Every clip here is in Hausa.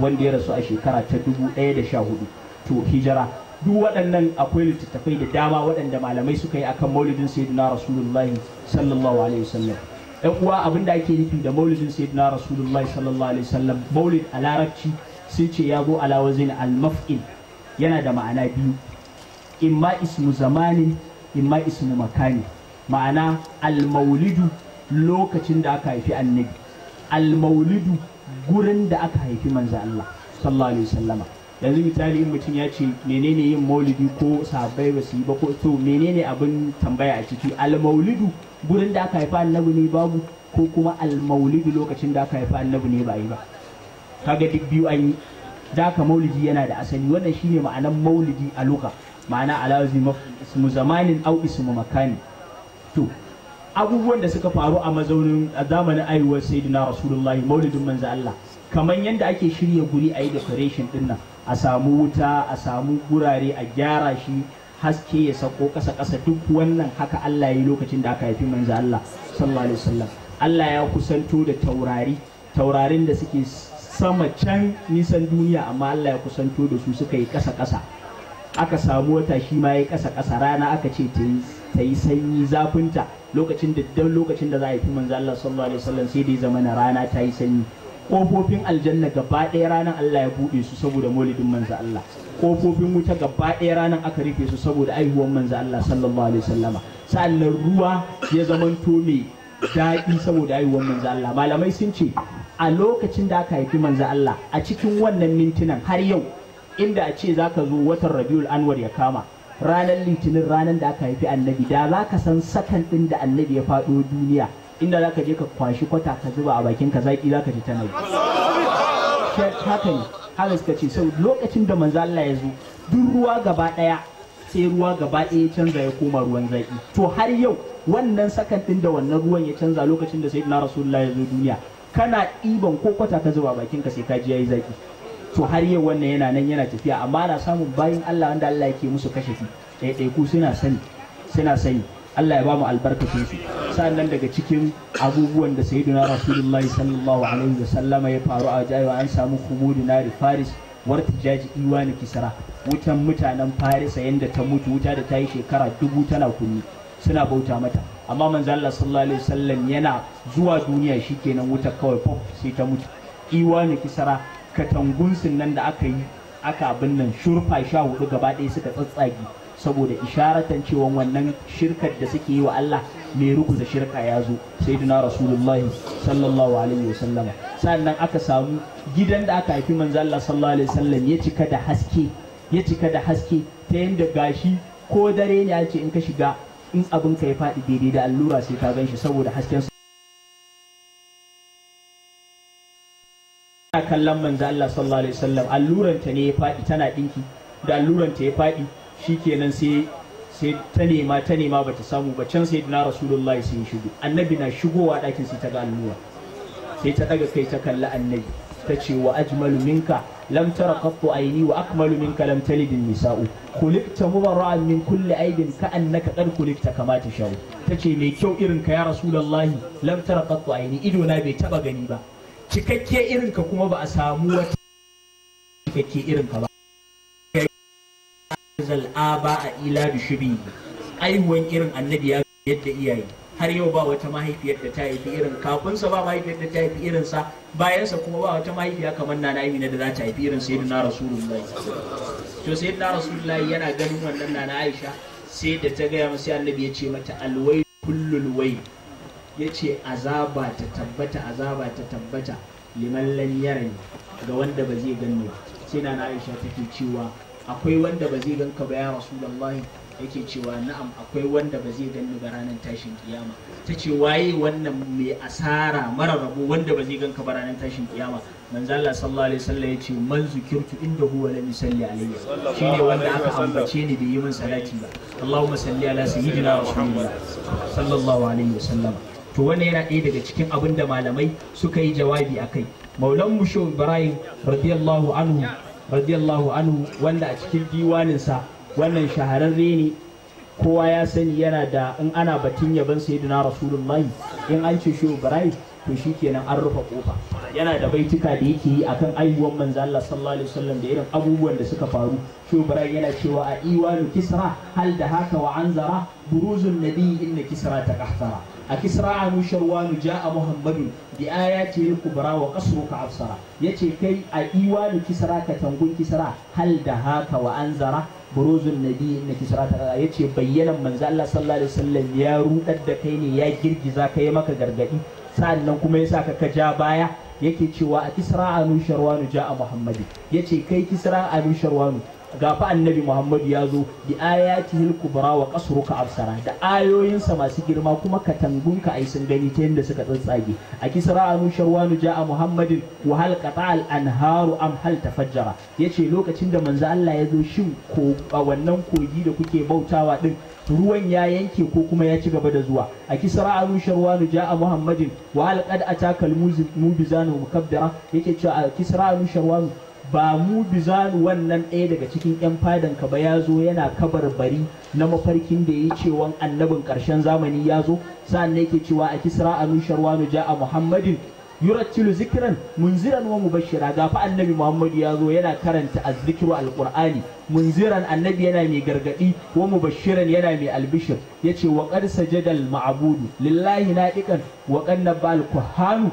wanda ya rasu a shekara ta dubu ɗaya da sha hudu to hijira duk waɗannan akwai littattafai da dama waɗanda malamai suka yi akan maulidin sayyidina rasulullahi sallallahu alaihi wasallam yan uwa abin da ake nufi da maulidin sayyidina rasulullahi sallallahu alaihi wasallam maulid a larabci sun ce ya zo ala wazin al yana da ma'ana biyu imma ismu zamanin imma ismu makani ma'ana al lokacin da aka haifi annabi al-maulidu gurin da aka haifi manzo Allah sallallahu alaihi wasallama yanzu misali in mutum ya ce menene yin maulidi ko sahabbai ba ba ko to menene abin tambaya a ciki almaulidu gurin da aka haifa annabi ne babu ko kuma almaulidu lokacin da aka haifa annabi ne ba yi ba kaga duk biyu an yi da maulidi yana da asali wannan shine ma'anan maulidi a luka ma'ana alazi mu zamanin au ismu makani to abubuwan da suka faru a mazaunin a zamanin aiwuwar dina rasulullahi maulidin manzo Allah kamar yadda ake shirya guri a yi decoration din nan a samu wuta a samu gurare a gyara shi haske ya sako kasa kasa duk wannan haka Allah ya yi lokacin da aka haifi manzo Allah sallallahu alaihi wasallam Allah ya kusanto da taurari taurarin da suke sama can nisan duniya amma Allah ya kusanto da su suka yi kasa kasa aka samu wata shi ma ya yi kasa kasa rana aka ce ta yi ta yi sanyi zafinta lokacin da dan lokacin da za a yi manzo Allah sallallahu alaihi wasallam sai dai zama na rana ta yi sanyi kofofin aljanna gaba ɗaya ranar Allah ya buɗe su saboda maulidin manzo Allah kofofin wuta gaba ɗaya ranar aka rufe su saboda aihuwar manzo Allah sallallahu alaihi wasallama sa'annan ruwa ya zamanto mai daɗi saboda aihuwar manzo Allah malamai sun ce a lokacin da aka haifi manzo Allah a cikin wannan mintunan har yau inda a ce za ka zo watan Rabiul Anwar ya kama ranar litinin ranar da aka haifi annabi da za ka san sakan ɗin da annabi ya faɗo duniya inda za ka je ka kwashi kwata ka zuba a bakin ka zaƙi za ka ji ta nabi haka ne haka suka ce sau lokacin da manzo ya zo duk ruwa gaba ɗaya sai ruwa gaba ɗaya canza ya koma ruwan zaƙi to har yau wannan sakan ɗin da wannan ruwan ya canza lokacin da sayyidina rasulullah ya zo duniya kana ɗiban ko kwata ka zuba bakin ka sai ka ji yayi zaƙi to har yau wannan yana nan yana tafiya amma ana samun bayin Allah wanda Allah yake musu kashafi ku suna sani suna sani Allah ya ba mu albarkacin su nan daga cikin abubuwan da sayyiduna rasulullahi sallallahu alaihi wa sallama ya faru a jayewa an samu kumudu na faris warta jaji iwani kisara wutan mutanen farisa yanda ta mutu wuta da ta yi shekara dubu tana kunni suna bauta mata amma manzo Allah sallallahu alaihi wasallam yana zuwa duniya shikenan wuta kawai pop sai ta mutu iwani kisara. katangunsun nan da aka yi aka abin nan shurfa sha hudu gaba ɗaya suka tsatsage saboda isharatan cewa wannan shirkar da suke yi wa Allah mai da shirka ya zo na rasulullahi sallallahu alaihi sallama sannan aka samu gidan da aka haifi manzo Allah sallallahu alaihi sallam ya cika da haske ya cika da haske ta yadda gashi ko dare ne a ce in ka shiga in abin ka ya faɗi daidai da allura sai ka gan shi saboda hasken ana kallon manzo Allah sallallahu alaihi wasallam ta ne ya faɗi tana dinki da alluran ta ya fadi shikenan sai sai ta nema ta nema bata samu ba can sai dina rasulullahi sai ya shigo annabi na shigowa dakin sai ta ga allura sai ta daga kai ta kalli annabi ta ce wa ajmalu minka lam tara qattu ayni wa akmalu minka lam talid nisa'u kulikta mubarra'an min kulli aibin ka annaka qad kulikta kama tashau ce mai kyau irin ka ya rasulullahi lam tara qattu ayni ido na bai taba gani ba cikakke irinka kuma ba a samu wata cikakke irinka ba zal'aba a ila da shubi aihuwan irin annabi ya yadda iyaye har yau ba wata mahaifiyar da ta haifi irin kafinsa ba mahaifiyar da ta haifi irinsa bayansa kuma ba wata mahaifiya kamar Nana amina da za ta haifi irin na rasulullahi to da rasulullahi yana ganin wannan Nana aisha sai da ta gaya masa annabi ya ce mata alwai kullul wai ya ce azaba ta tabbata azaba ta tabbata liman lam yarani ga wanda ba zai ganni ba sai na na Aisha take cewa akwai wanda ba zai gan ka ba ya Rasulullahi yake cewa na'am akwai wanda ba zai ganni ba ranar tashin kiyama ta ce waye wannan mai asara mara rabo wanda ba zai gan ka ba ranar tashin kiyama manzo Allah sallallahu alaihi wasallam ya ce man zukirtu inda huwa lam yusalli alayya shine wanda aka ambace ni da yi min salati ba Allahumma salli ala sayyidina rasulillah sallallahu alaihi wasallam to wannan yana ɗaya daga cikin abin da malamai suka yi jawabi a kai maulan musho ibrahim radiyallahu anhu radiyallahu anhu wanda a cikin diwaninsa wannan shahararre ne kowa ya sani yana da in ana batun yaban sayyidina rasulullahi in an ce shi ibrahim to shi kenan an rufe kofa yana da baituka da yake yi akan aibuwan manzo Allah sallallahu alaihi wasallam da irin abubuwan da suka faru shi ibrahim yana cewa a iwanu kisra hal da haka wa anzara بروز النبي إن كسرى تقحترى أكسرى عن شروان جاء محمد بآياته الكبرى وقصرك عبصرى يتي كي أيوان كسرى كتنقل كسرى هل دهاك وأنزرى بروز النبي إن كسرى تقحترى يتي بينا من الله صلى الله عليه وسلم يا رود الدكيني يا جرجزا كيما كغرغئي sannan kuma ya saka ka ja baya yake cewa a kisra anu sharwanu ja a muhammadi yace kai kisra anu sharwanu ga fa annabi muhammadu ya zo bi ayatihil kubra wa qasruka absara da ayoyinsa masu girma kuma ka ai sun gani ta yadda suka tsantsage a kisra anu sharwanu ja'a muhammadin wa hal qata'al anharu am hal tafajjara yace lokacin da manzo Allah ya zo shin ko wannan kogi da kuke bautawa din ruwan ya yanke ko kuma ya ci gaba da zuwa a kisra anu sharwanu ja'a muhammadin wa hal qad ataka al mubizanu mukabbira yake cewa a kisra anu sharwanu ba mu bizanu wannan ɗaya daga cikin 'yan fadan ka ba ya zo yana kabar bari na mafarkin da ya ce wan annabin ƙarshen zamani ya zo sa'an yake cewa a kisra a ja a muhammadin yurattilu zikiran munziran wa mubashira ga fa annabi muhammadu ya zo yana karanta azzikiru alqur'ani munziran annabi yana mai gargadi wa mubashiran yana mai albishir yace wa qad sajadal Ma'abudu. lillahi nadiqan wa qannaba alkuhanu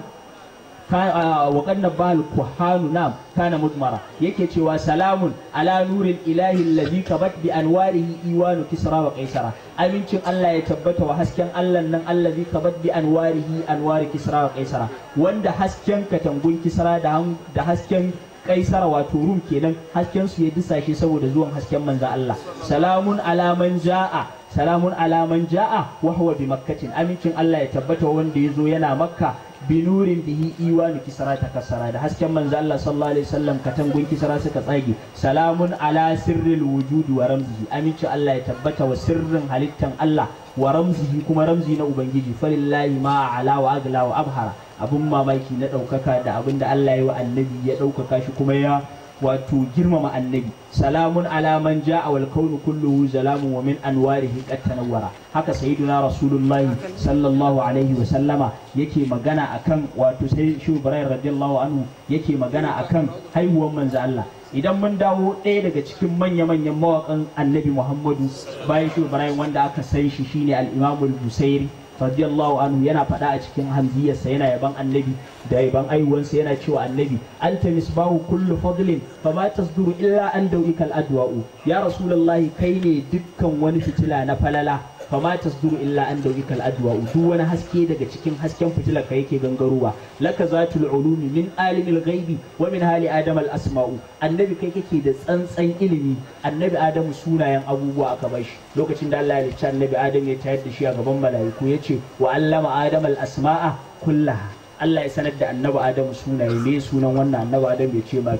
wa qanna bal kuhanu nam kana mudmara yake cewa salamun ala nuril ilahi allazi kabat bi anwarihi iwanu kisra wa kaisara. amincin Allah ya tabbata wa hasken Allah nan allazi kabat bi anwarihi anwari kisra wa qaisara wanda hasken katangun kisara da da hasken kaisara wato rum kenan hasken su ya disashe saboda zuwan hasken manza Allah salamun ala man jaa salamun ala bi makkatin amincin Allah ya tabbata wanda ya zo yana makka binurin bihi iwanu Kisara ta kasara da hasken manzo Allah sallallahu alaihi wasallam katangun kisara suka tsage salamun ala sirril wujudi wa ramzihi aminci Allah ya tabbata wa sirrin halittan Allah wa ramzihi kuma ramzi na ubangiji falillahi ma ala wa agla wa abhara abun mamaki na daukaka da abinda Allah ya wa annabi ya daukaka shi kuma ya wato girmama annabi salamun alaman ja a wal kaunu kulluhu zalamun wa min anwarihi qad tanawwara haka sayyiduna rasulullah sallallahu alaihi wa sallama yake magana akan wato sai shu barayr radiyallahu anhu yake magana akan haihuwar manzo Allah idan mun dawo ɗaya daga cikin manya-manyan mawakan annabi muhammadu bayan shu wanda aka san shi shine al-imamul busairi radiyallahu anhu yana faɗa a cikin hamziyarsa yana yaban annabi da yaban aiwansa yana cewa annabi anta misbahu kullu fadlin fa ma tasduru illa an dawika al adwa'u ya rasulullahi kai ne dukkan wani fitila na falala fama tasduru illa an dawikal adwa duk wani haske daga cikin hasken fitilar ka yake gangarowa laka zatul ulumi min alimil ghaibi wa min hali adam al asma'u annabi kai kake da tsantsan ilimi annabi adamu sunayen abubuwa aka bashi lokacin da Allah ya lice annabi adam ya tayar da shi a gaban mala'iku yace wa allama adam al asma'a kullaha Allah ya sanar da annabi Adamu sunaye me sunan wannan annabi Adamu ya ce ma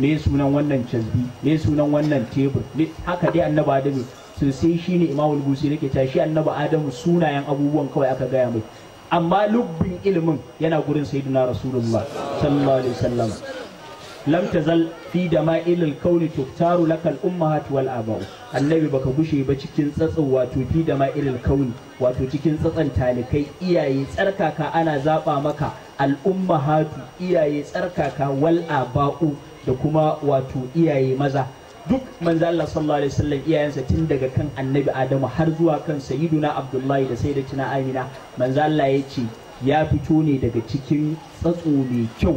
me sunan wannan chazbi me sunan wannan tebur haka dai annabi Adamu so sai shi ne imamul da ke tashi annaba annabi adamu sunayen abubuwan kawai aka gaya mai amma lubbin ilimin yana gurin sayyidina rasulullah sallallahu alaihi wasallam lam tazal fi dama'il al-kawn tuftaru lakal ummahat wal aba'u annabi baka gushe ba cikin tsatsin wato fi dama'il al-kawn wato cikin tsatsan talikai iyaye tsarkaka ana zaba maka al-ummahatu iyaye tsarkaka wal aba'u da kuma wato iyaye maza duk manzo Allah sallallahu alaihi wasallam iyayensa tun daga kan annabi Adamu har zuwa kan sayyiduna Abdullahi da sayyidatina Amina manzo Allah ya ce ya fito ne daga cikin tsatso mai kyau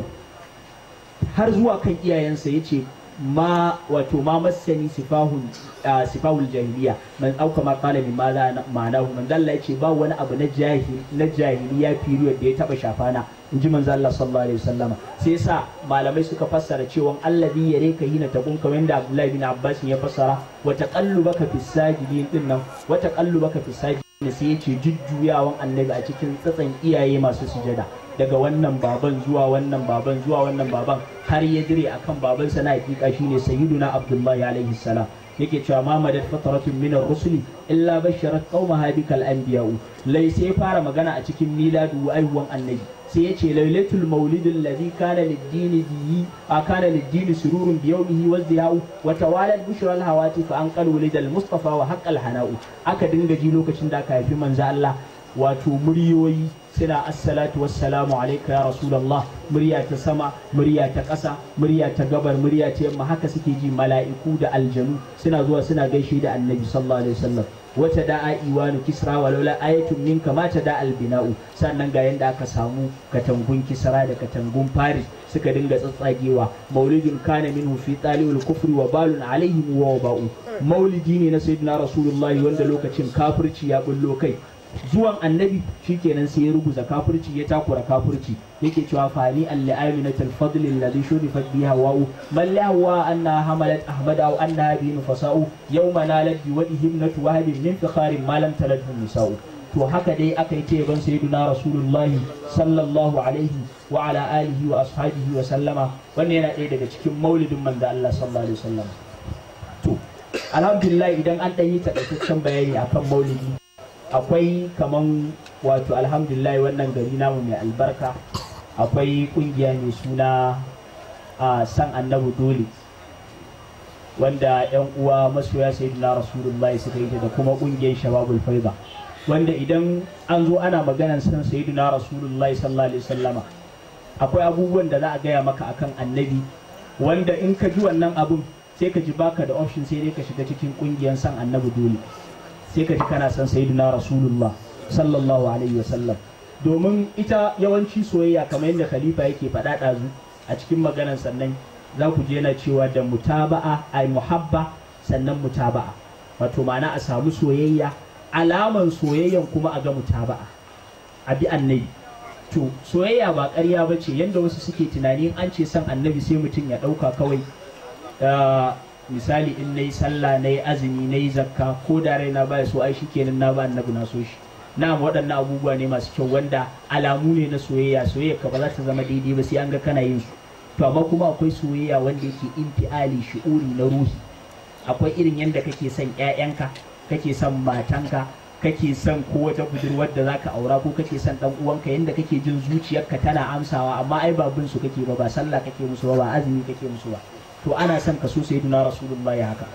har zuwa kan iyayensa ya ce ma wato ma masani sifahun ah, sifahul jahiliya man au ma qala min mala ma'anahu man yace ba wani abu na jahil na jahiliya period da ya taba shafana inji manzo Allah sallallahu alaihi wasallama sai yasa malamai suka fassara cewa alladhi ka hina tabun kamar wanda Abdullahi bin Abbas ya fassara wa taqallubaka fis sajidin din nan wa taqallubaka fis sajidin sai yace jujjuyawan annabi a cikin tsatsan iyaye masu sujada daga wannan baban zuwa wannan baban zuwa wannan baban har ya dire akan babansa na hakika shine sayyiduna abdullahi alaihi salam yake cewa ma madad fataratun min ar-rusuli illa basharat qaumaha bikal anbiya'u lai sai fara magana a cikin miladu aihuwan annabi sai yace lailatul maulidul ladhi kana lid-dini bihi a kana lid-dini sururun bi yawmihi wa ziya'u wa tawalat bushra al-hawati fa anqalu lidal mustafa wa haqqal hana'u aka dinga ji lokacin da aka haifi manzo Allah wato muryoyi suna assalatu wassalamu alaika ya rasulullah murya ta sama murya ta ƙasa murya ta gabar murya ta yamma haka suke ji mala'iku da aljanu suna zuwa suna gaishe da annabi sallallahu alaihi wasallam wata da'a iwanu kisra walaula ayatun min kama da albina'u sannan ga yanda aka samu katangun kisra da katangun faris suka dinga tsatsagewa maulidin kana minhu fi talibul kufri wa balun alaihim wa ba'u maulidi ne na sayyidina rasulullahi wanda lokacin kafirci ya bullo kai zuwan annabi shi kenan sai ya ruguza kafirci ya takura kafirci yake cewa fani alli aminat al alladhi shurifa biha wa man lahwa anna hamalat ahmada wa anna bin fasa'u yawma nalat bi wadihi wa hadin min fikharin ma lam taladhu nisa'u to haka dai aka yi teban sayyiduna rasulullahi sallallahu alaihi wa ala alihi wa ashabihi wa sallama wannan yana ɗaya daga cikin maulidin manzo Allah sallallahu alaihi wasallam to alhamdulillah idan an ɗan yi takaitaccen bayani akan maulidi akwai kaman wato alhamdulillah wannan gari namu mai albarka akwai kungiya mai suna a san annabu dole wanda yan uwa masoya na rasulullahi suka yi da kuma kungiyar shababul faiba wanda idan an zo ana maganan san sayyidina rasulullahi sallallahu alaihi wasallama akwai abubuwan da za a gaya maka akan annabi wanda in ka ji wannan abun sai ka ji baka da option sai dai ka shiga cikin kungiyar san annabu dole sai ka ji kana son sayyidina rasulullah sallallahu alaihi wasallam domin ita yawanci soyayya kamar yadda khalifa yake faɗa ɗazu a cikin maganar sannan za ku je na cewa da mutaba'a ai muhabba sannan mutaba'a wato ma'ana a samu soyayya alaman soyayyan kuma a ga mutaba'a a bi annabi to soyayya ba ƙarya ba ce yadda wasu suke tunanin an ce san annabi sai mutum ya ɗauka kawai ah, misali in nayi sallah nayi azumi nayi zakka ko da rai na baya so ai shikenan na ba annabi na so shi na'am waɗannan abubuwa ne masu kyau wanda alamu ne na soyayya soyayya ka ba za ta zama daidai ba sai an ga kana yin su to amma kuma akwai soyayya wanda yake intiali shi'uri na ruhi akwai irin yadda kake son ƴaƴanka kake son matanka kake son ko wata budurwar da zaka aura ko kake son dan uwanka yanda kake jin zuciyarka tana amsawa amma ai ba bin su kake ba ba sallah kake musu ba ba azumi kake musu ba to ana son ka so duna rasulullah ya haka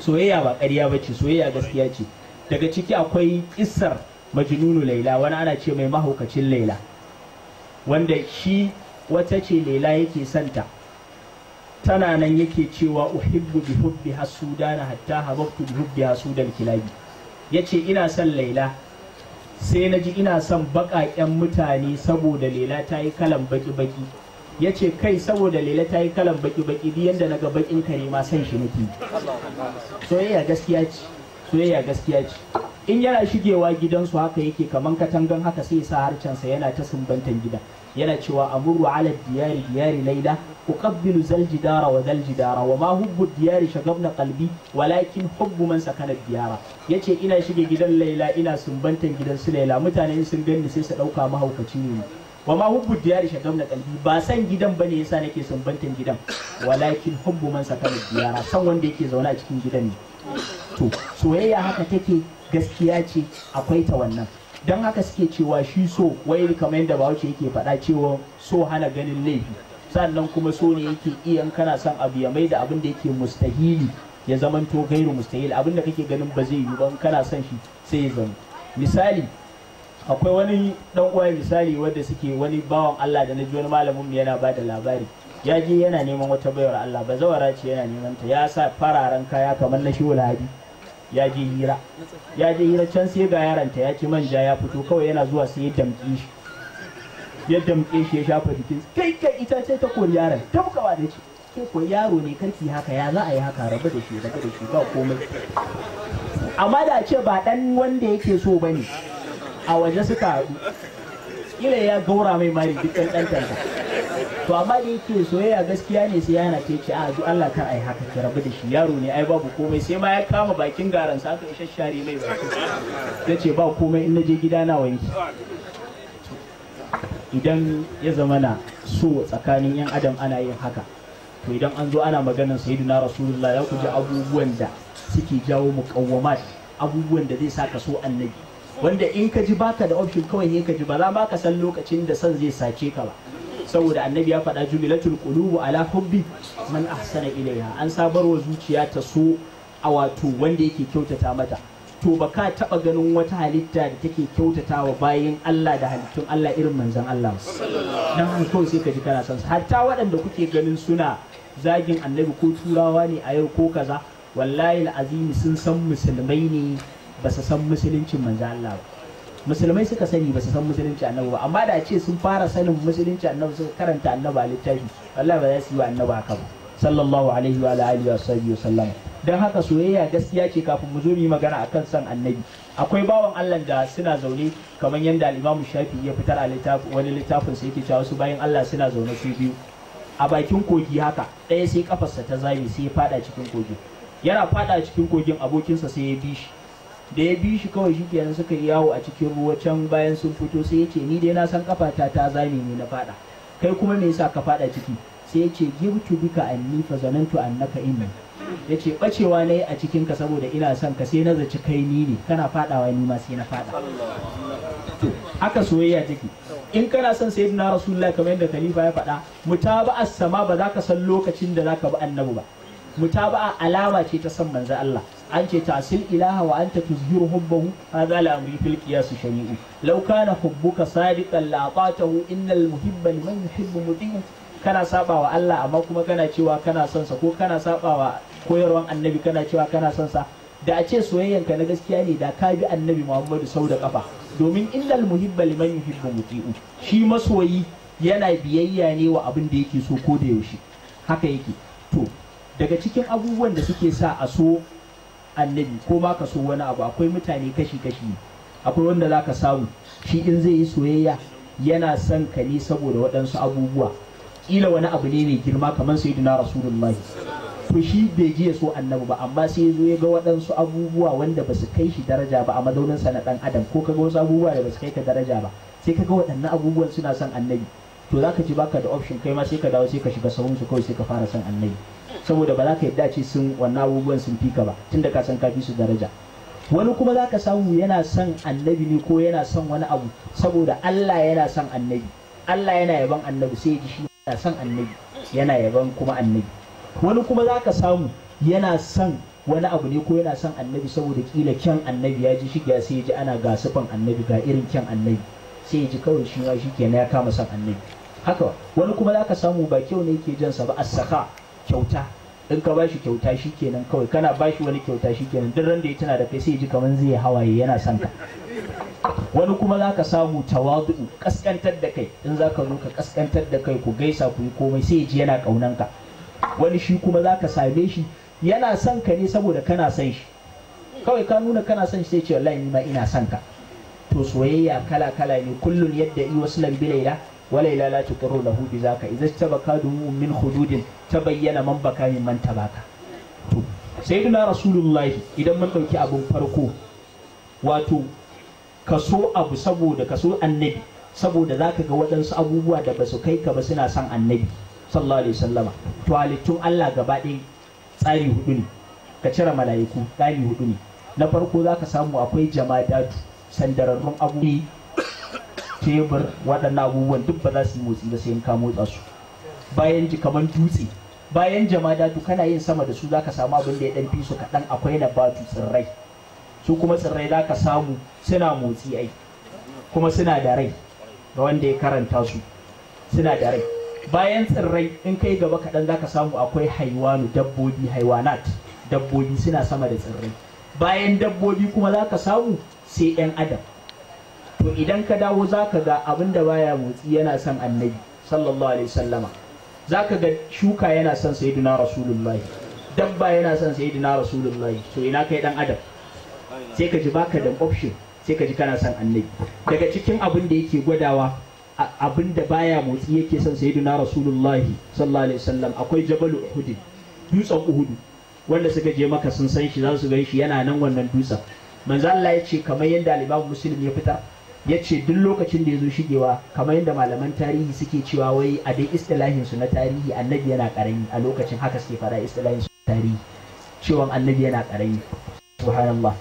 soyayya ba ƙarya ce soyayya gaskiya ce daga ciki akwai kissar majnunu laila wani ana ce mai mahaukacin laila wanda shi wata ce laila yake santa tana nan yake cewa uhibbu bi hubbi hasudana hatta habbtu bi hubbi hasudan kilabi yace ina son laila sai na ji ina son baƙaƙen mutane saboda laila ta yi kalan baki-baki ya ce kai saboda lele ta yi kalan baki-baki duk yadda na ga bakin kare ma san shi nake soyayya gaskiya ce soyayya gaskiya ce in yana shigewa gidansu haka yake kamar katangan haka sai sa harcensa yana ta sumbantan gida yana cewa amuru ala diyari diyari laila uqabbilu dara wa zalji dara wa ma hubbu diyari shagabna kalbi walakin hubbu man sakana diyara yace ina shige gidan laila ina sumbantan gidan su laila mutane sun ganni sai su dauka mahaukaci ne wa ma hubbu diyari shagam da kalbi ba san gidan bane yasa nake sumbantan gidan walakin hubbu man sakara diyara san wanda yake zaune a cikin gidan ne to soyayya haka take gaskiya ce akwai ta wannan dan haka suke cewa shi so wai kamar yadda bahaushe yake faɗa cewa so hana ganin laifi sannan kuma so ne yake iya kana son abu ya mai da abin da yake mustahili ya zamanto gairu mustahil abin da kake ganin ba zai yi ba kana son shi sai ya zama misali akwai wani dan uwa misali wanda suke wani bawan Allah da na ji wani malamin mu yana bada labari ya je yana neman wata bayar Allah ba zawara ce yana neman ta ya sa fararen kaya kamar na shi wulabi ya je hira ya je hira can sai ga yaranta ya ci manja ya fito kawai yana zuwa sai ya damƙe shi ya damƙe shi ya shafa jikin kai kai ita ce ta kori yaron tabkawa da ce ke ko yaro ne karki haka ya za a yi haka rabu da shi rabu da shi ba komai amma da ce ba dan wanda yake so bane a waje suka haɗu kila ya gaura mai mari duk ɗanɗantarsa to amma da yake soyayya gaskiya ne sai yana ce ce a duk Allah kar ai haka ki rabu da shi yaro ne ai babu komai sai ma ya kama bakin garan sa aka isa share mai baki ce ba komai in naje gida na wanki idan ya zama na so tsakanin yan adam ana yin haka to idan an zo ana maganar sayyidina rasulullah ya ku ji abubuwan da suke jawo muqawwamat abubuwan da zai sa ka so annabi wanda in ka ji baka da option kawai ne ka ji ba za ma ka san lokacin da son zai sace ka ba saboda annabi ya faɗa jumilatul qulubu ala hubbi man ahsana ilayha an sabarwa zuciya ta so a wato wanda yake kyautata mata to ba ka taɓa ganin wata halitta da take kyautata wa bayin Allah da halittun Allah irin manzan Allah dan an kawai sai ka ji kana son hatta waɗanda kuke ganin suna zagin annabi ko turawa ne a yau ko kaza wallahi al'azimi sun san musulmai ne ba su san musuluncin manzo Allah ba musulmai suka sani ba su san musulunci annabi ba amma da ce sun fara sanin musulunci annabi suka karanta annabi a littafi wallahi ba za su yi wa annabi haka ba sallallahu alaihi wa alihi wa sahbihi wa sallam dan haka soyayya gaskiya ce kafin mu zo mu yi magana akan san annabi akwai bawan Allah da suna zaune kamar yadda al Shafi ya fitar a littafi wani littafin sai yake cewa wasu bayan Allah suna zaune su biyu a bakin kogi haka ɗaya sai kafarsa ta zame sai ya fada cikin kogin yana fada cikin kogin abokinsa sai ya bi shi da ya bi shi kawai shi kenan suka yi yawo a cikin ruwa can bayan sun fito sai ya ce ni dai na san kafata ta zame ne na fada kai kuma me yasa ka fada ciki sai ya ce to bika anni fa zanantu annaka inni ya ce bacewa ne a cikin ka saboda ina son ka sai na zaci kai ni ne kana fadawa ni ma sai na fada to haka soyayya take in kana son sayyidina rasulullah kamar yadda khalifa ya faɗa as sama ba za ka san lokacin da za ka bi annabi ba mutaba'a alama ce ta son manzo Allah an ce ta'sil ilaha wa anta tuzhiru hubbahu hadha la amri fil qiyas shari'i law kana hubbuka sadiqan la atatahu innal muhibba liman yuhibbu mutiu kana saba wa Allah amma kuma kana cewa kana son sa ko kana saba wa koyarwan annabi kana cewa kana son sa da a ce soyayyanka na gaskiya ne da ka bi annabi Muhammadu sau da kafa domin illal muhibba liman yuhibbu mutiu shi masoyi yana biyayya ne wa abin da yake so ko da yaushe haka yake to daga cikin abubuwan da suke sa a so annabi ko ma ka so wani abu akwai mutane kashi-kashi akwai wanda za ka samu shi in zai yi soyayya yana son ka ne saboda waɗansu abubuwa ƙila wani abu ne mai girma kamar sai dina rasulullahi to shi bai ji ya so annabi ba amma sai ya zo ya ga waɗansu abubuwa wanda ba su kai shi daraja ba a mazauninsa na ɗan adam ko ka ga wasu abubuwa da ba su kai ka daraja ba sai ka ga waɗannan abubuwan suna son annabi to za ka ji baka da option kai ma sai ka dawo sai ka shiga sahunsu kawai sai ka fara son annabi saboda ba za ka yadda ce sun wannan abubuwan sun fika ba tunda ka san kafi su daraja wani kuma za ka samu yana son annabi ne ko yana son wani abu saboda Allah yana son annabi Allah yana yaban annabi sai ji shi yana son annabi yana yaban kuma annabi wani kuma za ka samu yana son wani abu ne ko yana son annabi saboda kila kyan annabi ya ji ya sai ya ji ana gasufan annabi ga irin kyan annabi sai ya ji kawai shi ma shi kenan ya kama son annabi haka wani kuma za ka samu ba kyau ne yake jansa ba as-saka kyauta in ka bashi kyauta shi kenan kawai kana bashi wani kyauta shi kenan duk randa da ya tana da kai sai ji kamar zai hawaye yana son ka wani kuma zaka samu tawadu'u kaskantar da kai in zaka ka zo ka kaskantar da kai ku gaisa ku yi komai sai ji yana kaunan ka wani shi kuma za ka same shi yana son ka ne saboda kana son shi kawai ka nuna kana son shi sai ce wallahi ni ma ina son ka to soyayya kala kala ne kullun yadda i wasu bila wala ila la tuqru lahu bi zaka ta baka min hududin tabayyana man baka min man tabaka sayyidina rasulullahi idan mun ɗauki abun farko wato kaso abu saboda kaso annabi saboda zaka ga waɗansu abubuwa da ba su kai ka ba suna son annabi sallallahu alaihi wasallama to halittun Allah gaba ɗin tsari hudu ne ka cire mala'iku tsari hudu ne na farko zaka samu akwai jamadatu sandararrun abubuwa tebur waɗannan abubuwan duk ba za su yi motsi ba sai in ka motsa su bayan ji kamar dutse bayan jam'adatu kana yin sama da su zaka samu abin da ya dan fi su kaɗan akwai na batu tsirrai su kuma tsirrai ka samu suna motsi ai kuma suna da rai ga wanda ya karanta su suna da rai bayan tsirrai in kai gaba kaɗan zaka samu akwai haiwanu dabbobi haiwanat dabbobi suna sama da tsirrai bayan dabbobi kuma zaka samu sai 'yan adam to idan ka dawo za ka ga abin da baya motsi yana son annabi sallallahu alaihi sallama za ka ga shuka yana son sayyidina rasulullahi dabba yana son sayyidina rasulullahi to ina kai dan adam sai ka ji baka da option sai ka ji kana son annabi daga cikin abin da yake gwadawa abin da baya motsi yake son sayyidina rasulullahi sallallahu alaihi wasallam akwai jabal uhud dutsen uhud wanda suka je maka sun san shi za su gan shi yana nan wannan dutsen manzo Allah ya ce kamar yadda al-Imam Muslim ya fitar ya ce duk lokacin da ya zo shigewa kamar yadda malaman tarihi suke cewa wai a dai istilahin na tarihi annabi yana karami a lokacin haka suke fara istilahin su tarihi cewa annabi yana karami subhanallah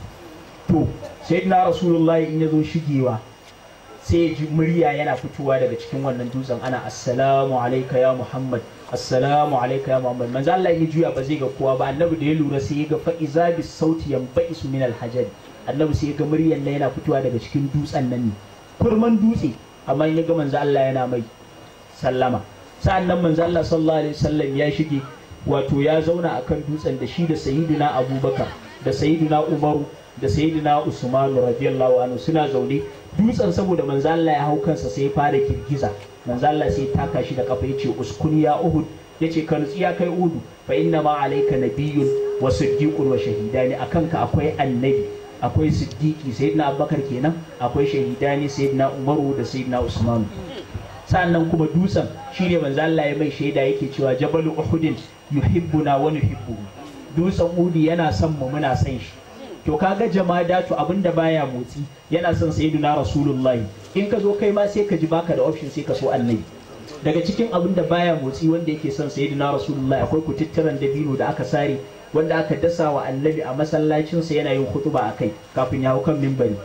to sayyidina rasulullah in ya zo shigewa sai ji murya yana fitowa daga cikin wannan dutsen ana assalamu alayka ya muhammad assalamu alayka ya muhammad manzo Allah ya juya ba zai ga kowa ba annabi da ya lura sai ya ga fa iza bis sauti yanba'isu min al annabi sai ga muryar nan yana fitowa daga cikin dutsen nan ne kurman dutse amma ya ga manzo Allah yana mai sallama sa'an nan manzo Allah sallallahu alaihi wasallam ya shige wato ya zauna akan dutsen da shi da sayyidina Abubakar da sayyidina Umaru da sayyidina Usman radiyallahu anhu suna zaune dutsen saboda manzo Allah ya hau kansa sai fara kirgiza manzo Allah sai taka shi da kafa yace uskun ya Uhud yace ka nutsi ya kai Uhud fa inna ma alayka nabiyyun wa siddiqun wa shahidani akan ka akwai annabi akwai siddiqi sayyidina abubakar kenan akwai shahidani sayyidina umaru da sayyidina usmanu sannan kuma dutsen shine manzo Allah ya mai shaida yake cewa jabalu uhudin yuhibbuna wa nuhibbu dutsen uhud yana son mu muna son shi to kaga jama'a datu abinda baya motsi yana son sayyidina rasulullahi in ka zo kai ma sai ka ji baka da option sai ka so annabi daga cikin abinda baya motsi wanda yake son sayyidina rasulullahi akwai kututturan dabino da aka sare wanda aka dasa wa annabi a masallacinsa yana yin hutuba a kai kafin ya hau kan mimbari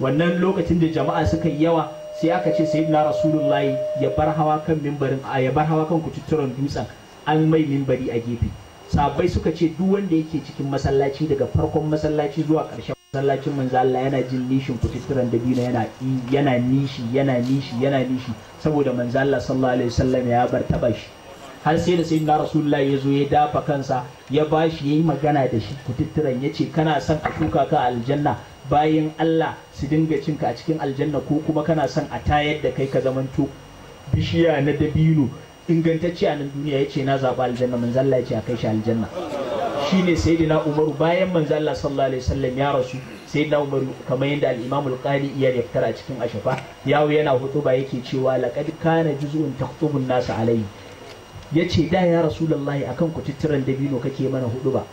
wannan lokacin da jama'a suka yi yawa sai aka ce sayyidina rasulullahi ya bar hawa kan mimbarin a ya bar hawa kan kututturen dutsen an mai mimbari a gefe sabai suka ce duk wanda yake cikin masallaci daga farkon masallaci zuwa ƙarshen masallacin manzo Allah yana jin nishin kututturen dabino yana yana nishi yana nishi yana nishi saboda manzo Allah sallallahu alaihi wasallam ya bar taba shi har sai da sai da rasulullahi ya zo ya dafa kansa ya ba shi ya yi magana da shi kututturan ya ce kana son a shuka ka aljanna bayan Allah su dinga cinka a cikin aljanna ko kuma kana son a tayar da kai ka zamanto bishiya na dabino ingantacciya nan duniya ya ce na zaɓi aljanna manzo Allah ya ce a kai shi aljanna shine sayyidina Umaru bayan manzo Allah sallallahu alaihi wasallam ya rasu sayyidina Umaru kamar yadda al-Imam al qadi ya fitar cikin ashafa yawo yana hutuba yake cewa laqad kana juz'un taqtubun nasu alayhi ya ce da ya a akan kututturan dabino kake mana hudu ba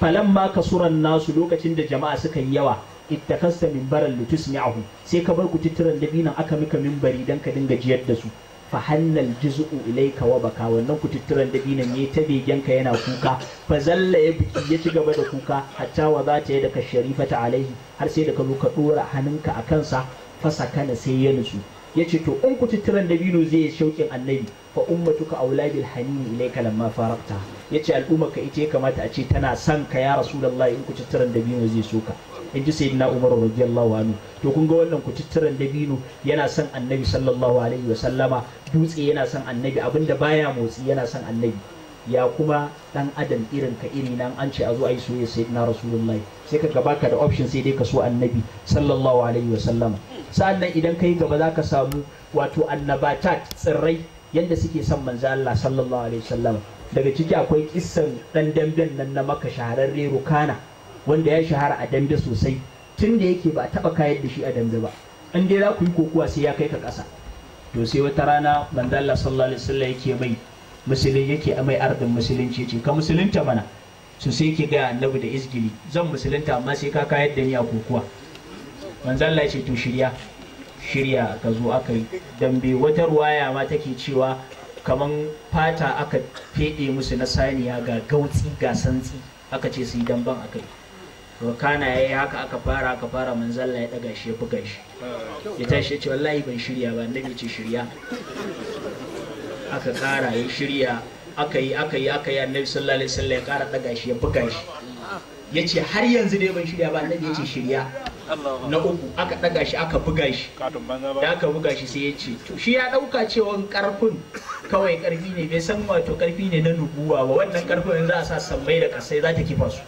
falan falamma kasuran nasu lokacin da jama'a suka yi yawa ittakasta mimbaran litusmi'ahu sai ka bar kututturen dabinon aka mika mimbari dan ka dinga jiyar da su fa hannal juz'u ilayka wa baka wannan kututturan dabinon ne ta begen ka yana kuka fa zalla ya biki ya ci gaba da kuka hatta wa za ta yi da ka sharifata alaihi har sai da ka zo ka dora hannunka a kansa fasa kana sai ya nutsu ya ce to in ku ci tiran dabino zai shauƙin annabi fa ummatuka aula bil hanini ilayka lamma farakta ya ce al'ummarka ita ya kamata a ce tana son ka ya rasulullah in ku ci dabino zai so ka in ji sayyidina umar radiyallahu anhu to kun ga wannan ku ci dabino yana son annabi sallallahu alaihi wa sallama dutse yana son annabi abinda baya motsi yana son annabi ya kuma dan adam irin ka iri nan an ce a zo a yi soyayya na rasulullahi sai ka gaba ka da option sai dai ka so annabi sallallahu alaihi wa sallama sannan idan kai gaba za ka samu wato annabatat tsirrai yadda suke son manzo Allah sallallahu alaihi wa sallama daga ciki akwai kissan dan damben nan na maka shahararre rukana wanda ya shahara a dambe sosai tun da yake ba taba kayar da shi a dambe ba in dai za ku yi kokuwa sai ya kai ka ƙasa to sai wata rana manzo Allah sallallahu alaihi wa sallama yake mai musulun yake mai ardin musulunci ce ka musulunta mana su sai ki ga annabi da izgili zan musulunta amma sai ka kayar da ni a kokuwa manzo Allah ce to shirya shirya ka zo aka yi dambe wata ruwaya ma take cewa kaman fata aka fede musu na saniya ga gautsi ga santsi aka ce su yi damban aka yi to kana yayi haka aka fara aka fara manzalla ya daga shi ya buga shi ya tashi ya ce wallahi ban shirya ba annabi ce shirya aka kara ya shirya aka yi aka yi aka yi annabi sallallahu alaihi wasallam ya kara daga shi ya buga shi ya ce har yanzu dai ban shirya ba annabi ya ce shirya na uku aka daga shi aka buga shi da aka buga shi sai ya ce to shi ya dauka cewa karfin kawai karfi ne bai san wato karfi ne na nubuwa ba wannan karfin yanzu za a sa sammai da kasai za ta kifa su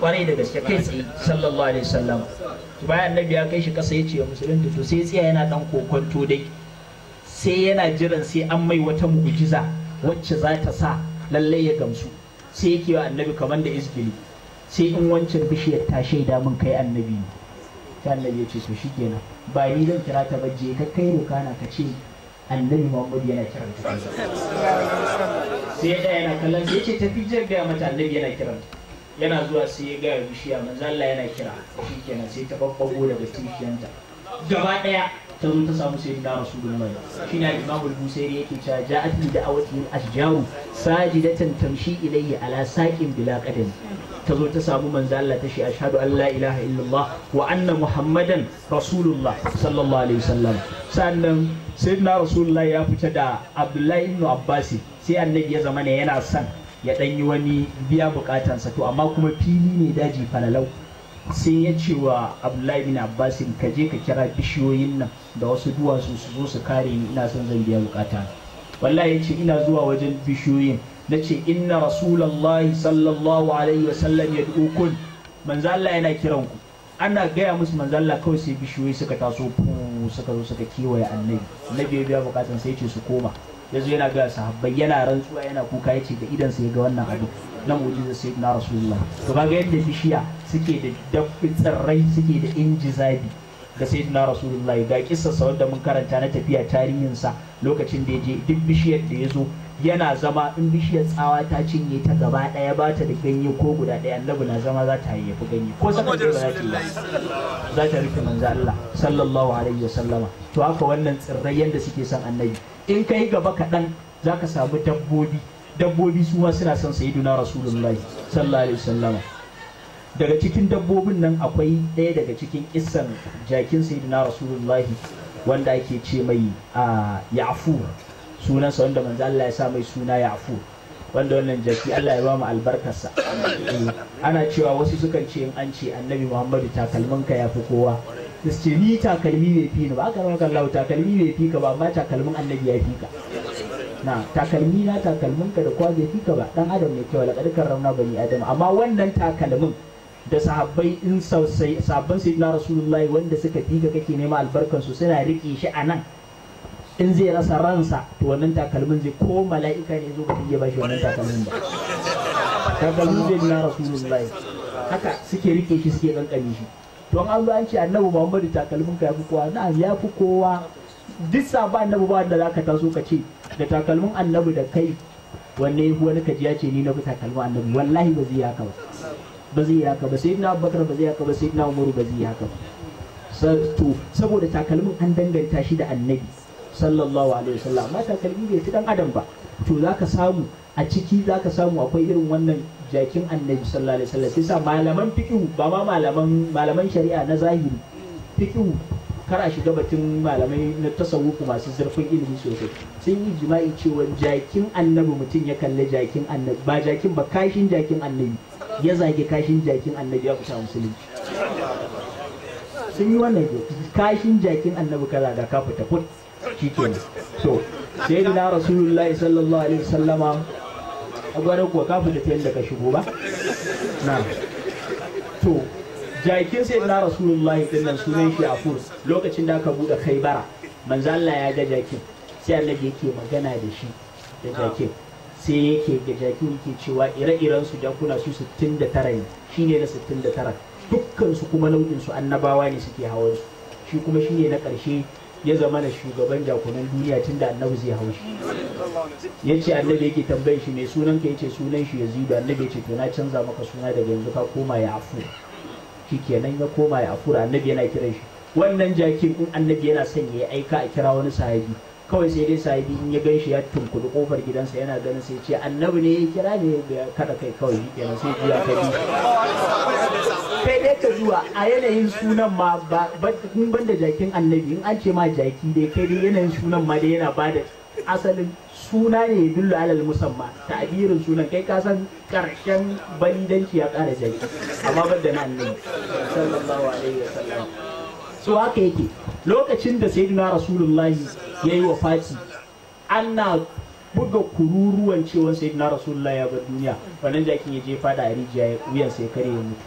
kwarai da gaske kai tsaye sallallahu alaihi wasallam bayan annabi ya kai shi kasa ya ce musulunta to sai tsaya yana dan kokonto dai sai yana jiran sai an mai wata mu'jiza wacce za ta sa lallai ya gamsu sai yake wa annabi kamar da izgili sai in wancan bishiyar ta shaida min kai annabi ne sai annabi ya ce so shi kenan ba ni zan kira ta ba je ka kai rukana ka ce annabi muhammad yana kiran ta sai ɗaya yana kallon sai ce tafi jar gaya mata annabi yana kiran yana zuwa sai ya gaya bishiya manzo Allah yana kira shi kenan sai ta babbago daga tushiyanta gaba daya ta zo ta samu sai da rasulullahi shine al-imam al-busairi yake cewa ja'at da awati ashjaru sajidatan tamshi ilayya ala saqin bila qadami ta zo ta samu manzo Allah ta shi ashhadu an la ilaha illallah wa anna muhammadan rasulullah sallallahu alaihi wasallam sannan sayyidina rasulullah ya fita da abdullahi ibn abbas sai annabi ya zama ne yana son ya danyi wani biya bukatansa to amma kuma fili ne daji falalau sai ya ce wa abdullahi bin abbasin ka je ka kira bishiyoyin nan da wasu duwatsu su zo su kare ni ina son zan biya bukata wallahi ya ce ina zuwa wajen bishiyoyin na ce inna rasulallahi sallallahu alaihi wa sallam ya dukun manzo Allah yana kiran ku ana gaya musu manzo Allah kawai sai bishiyoyi suka taso suka zo suka kewaye annabi annabi ya biya bukatan sai ce su koma yanzu yana ga sahabbai yana rantsuwa yana kuka ya ce da idan sai ga wannan abu na mu'jizar sayyidina rasulullah to ga yadda bishiya suke da dabbi tsirrai suke da zabi ga sayyidina rasulullahi ga kissarsa wanda mun karanta na tafiya tarihinsa lokacin da ya je duk bishiyar da ya zo yana zama in bishiyar tsawa ta cinye ta gaba ɗaya ba ta da ganye ko guda ɗaya annabi na zama za ta hayyafi ganye ko saka ta za ta za ta rufe manzo Allah sallallahu alaihi wasallama to haka wannan tsirrai yanda suke son annabi in kai gaba kaɗan za ka samu dabbobi dabbobi su ma suna son sayyiduna rasulullahi sallallahu alaihi wasallama daga cikin dabbobin nan akwai ɗaya daga cikin isan jakin sayyidina rasulullahi wanda ake ce mai ya'fur sunansa wanda manzo Allah ya sa mai suna yafu wanda wannan jaki Allah ya ba mu albarkarsa eh, ana cewa wasu sukan ce in an ce annabi Muhammadu ka ya fi kowa su ce ni takalmi bai fi ni ba aka ramaka Allah takalmi bai fi ka ba amma takalmin annabi ya fi ka na takalmi na takalmin ka da kwa bai fi ka ba dan adam ne kyau la kadkar rauna bani adam amma wannan takalmin da sahabbai in sahabban sayyidina rasulullahi wanda suka fika kake nema albarkansu suna rike shi a nan in zai rasa ransa to wannan takalmin zai ko mala'ika ne zo ba iya ba shi wannan takalmin ba takalmin zai na rasulullahi haka suke rike shi suke kankane shi don an zo an ce annabi muhammadu takalmin ka yafi kowa na yafi kowa duk sabon annabi ba wanda zaka taso ka ce da takalmin annabi da kai wanne wani kaji ya ce ni na bi takalmin annabi wallahi ba zai yaka ba ba zai yi haka ba sai na abubakar ba zai haka ba sai na umaru ba zai yi haka ba to saboda takalmin an danganta shi da annabi sallallahu alaihi wasallam amma takalmi bai ci dan adam ba to zaka samu a ciki zaka samu akwai irin wannan jakin annabi sallallahu alaihi wasallam sai malaman fiqh ba ma malaman malaman shari'a na zahiri fiqh kar a shiga batun malamai na tasawufu masu zurfin ilimi sosai sun yi jima'i cewa jakin annabi mutum ya kalli jakin annabi ba jakin ba kashin jakin annabi ya zage kashin jakin annabi ya kusa musulunci sun yi wannan kashin jakin annabi ka zaga ka fita fut shi ne so sai na rasulullahi sallallahu alaihi wasallama a gwada kuwa ka fita ta yadda ka shigo ba na to jakin sai na rasulullahi din nan sunan shi afur lokacin da aka buɗe kai bara manzo Allah ya ga jakin sai annabi yake magana da shi da jakin sai yake ga jaki yake cewa ire-iren su jakuna su 69 ne shi ne na 69 dukkan su kuma nau'in su annabawa ne suke hawan su shi kuma shi ne na ƙarshe ya zama na shugaban jakunan duniya tunda da annabi zai hau shi ya ce annabi yake tambayin shi mai sunan ka yace sunan shi yazidu annabi ya to na canza maka suna daga yanzu ka koma ya afu kenan ya koma ya afu annabi yana kiran shi wannan jakin in annabi yana son ya aika a kira wani sahabi kawai sai dai sahibi in ya ganshi ya tunkuli kofar gidansa yana ganin sai ce annabi ne ya kira ne ya kada kai kawai shi kenan sai ya kai kai dai ka zuwa a yanayin sunan ma ba in banda jakin annabi in an ce ma jaki dai kai dai yanayin sunan ma dai yana bada asalin suna ne dullu alal musamma ta'birin sunan kai ka san karshen balidanci ya kara jaki amma da na annabi sallallahu alaihi wasallam so haka yake lokacin da sayyidina rasulullahi ya yi wa fati ana buga kururuwan cewa sai na rasulullah ya bar duniya wannan jakin ya je fada a rijiya wuyan sai kare ya mutu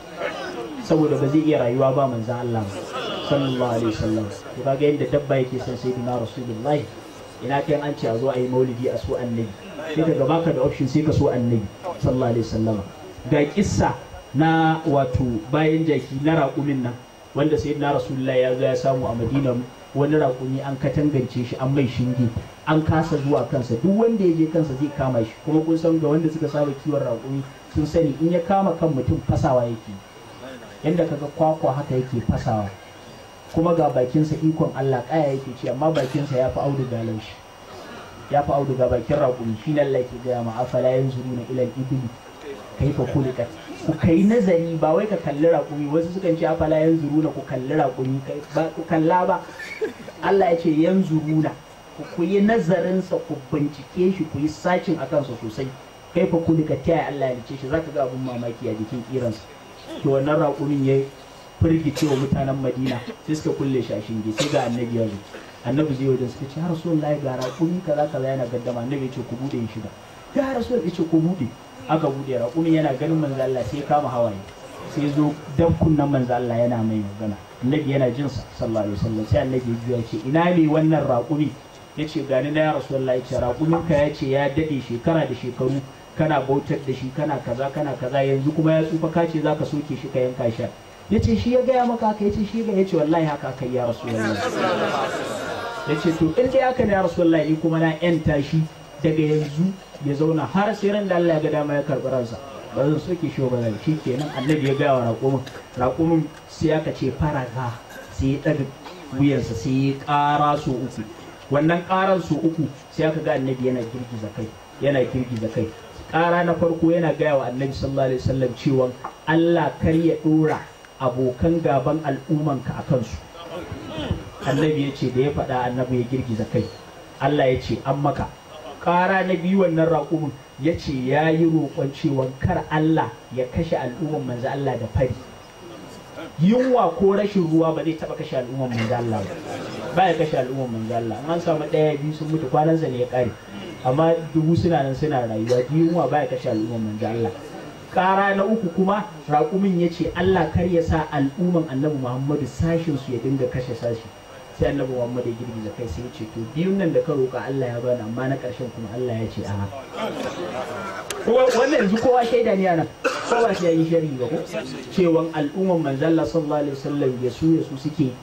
saboda ba zai iya rayuwa ba manzan Allah sallallahu alaihi wasallam to ga yadda dabba yake son sai na rasulullah ina kai an ce a zo a yi maulidi a so annabi sai ka gaba ka da option sai ka so annabi sallallahu alaihi wasallam ga kissa na wato bayan jaki na raƙumin nan wanda sai na rasulullah ya zo ya samu a madina wani raƙumi an katangance shi an mai shinge an kasa zuwa kansa duk wanda ya je kansa zai kama shi kuma kun san ga wanda suka saba kiwon raƙumi sun sani in ya kama kan mutum fasawa yake yadda kaga kwakwa haka yake fasawa kuma ga bakinsa ikon Allah kaya yake ci amma bakinsa ya fi auduga laushi ya fi auduga bakin raƙumi shi nan lake gaya ma afala yanzu na ilal ibli kaifa kulikat ku kai nazari ba wai ka kalli raƙumi wasu sukan ce afala yan zuruna ku kalli raƙumi ba ku kalla ba Allah ya ce yan zuruna ku nazarin nazarinsa ku bincike shi ku yi sacin a sa sosai kai fa ku taya Allah ya lice shi zaka ga abun mamaki a jikin sa to wannan raƙumin ya firgice wa mutanen Madina sai suka kulle shi a shinge sai ga annabi yanzu annabi zai wajen suka ce ya rasulullahi ga raƙumi kaza kaza yana gaddama annabi ya ce ku bude shi shiga ya rasulullahi ya ce ku bude aka bude raƙumi yana ganin manzo Allah sai kama hawaye sai zo dan kunnan manzo Allah yana mai magana annabi yana jin sa sallallahu alaihi wasallam sai annabi ya ce ina ne wannan raƙumi yace gani na ya rasulullahi yace raƙumin ka yace ya dade shekara da shekaru kana bautar da shi kana kaza kana kaza yanzu kuma ya tsufa kace zaka soke shi ka yanka shi yace shi ya gaya maka haka yace shi ga yace wallahi haka kai ya rasulullahi yace to in dai haka ne ya rasulullahi kuma na yanta shi daga yanzu ya zauna har sai ran da Allah ya ga dama ya karɓi ransa ba zan soke shi ba zan shi kenan annabi ya gaya wa raƙumin raƙumin sai aka ce faraga sai ya ɗaga wuyansa sai ya ƙara so uku wannan ƙaran so uku sai aka ga annabi yana girgiza kai yana girgiza kai ƙara na farko yana gaya wa annabi sallallahu alaihi wasallam cewa Allah kar ya ɗora abokan gaban al'ummanka a kansu annabi ya ce da ya faɗa annabi ya girgiza kai Allah ya ce an maka ƙara na biyu wannan raƙumin ya ce ya yi roƙon cewa kar Allah ya kashe al'umman manzo Allah da fari yunwa ko rashin ruwa ba zai taɓa kashe al'umman manzo Allah ba ba ya kashe al'umman manzo Allah an samu ɗaya biyu sun mutu kwanansa ne ya ƙare amma dubu suna nan suna rayuwa yunwa ba ya kashe al'umman manzo Allah kara na uku kuma raƙumin ya ce Allah kar ya sa al'umman annabi Muhammadu sashin su ya dinga kashe sashi sai annabi Muhammad ya girgiza kai sai ce to biyun nan da ka roƙa Allah ya bani amma na ƙarshen kuma Allah ya ce a'a wannan yanzu kowa shaida ne anan kowa shi ya yi sharhi ba ko cewan al'umman manzalla sallallahu alaihi wasallam ya su ya su suke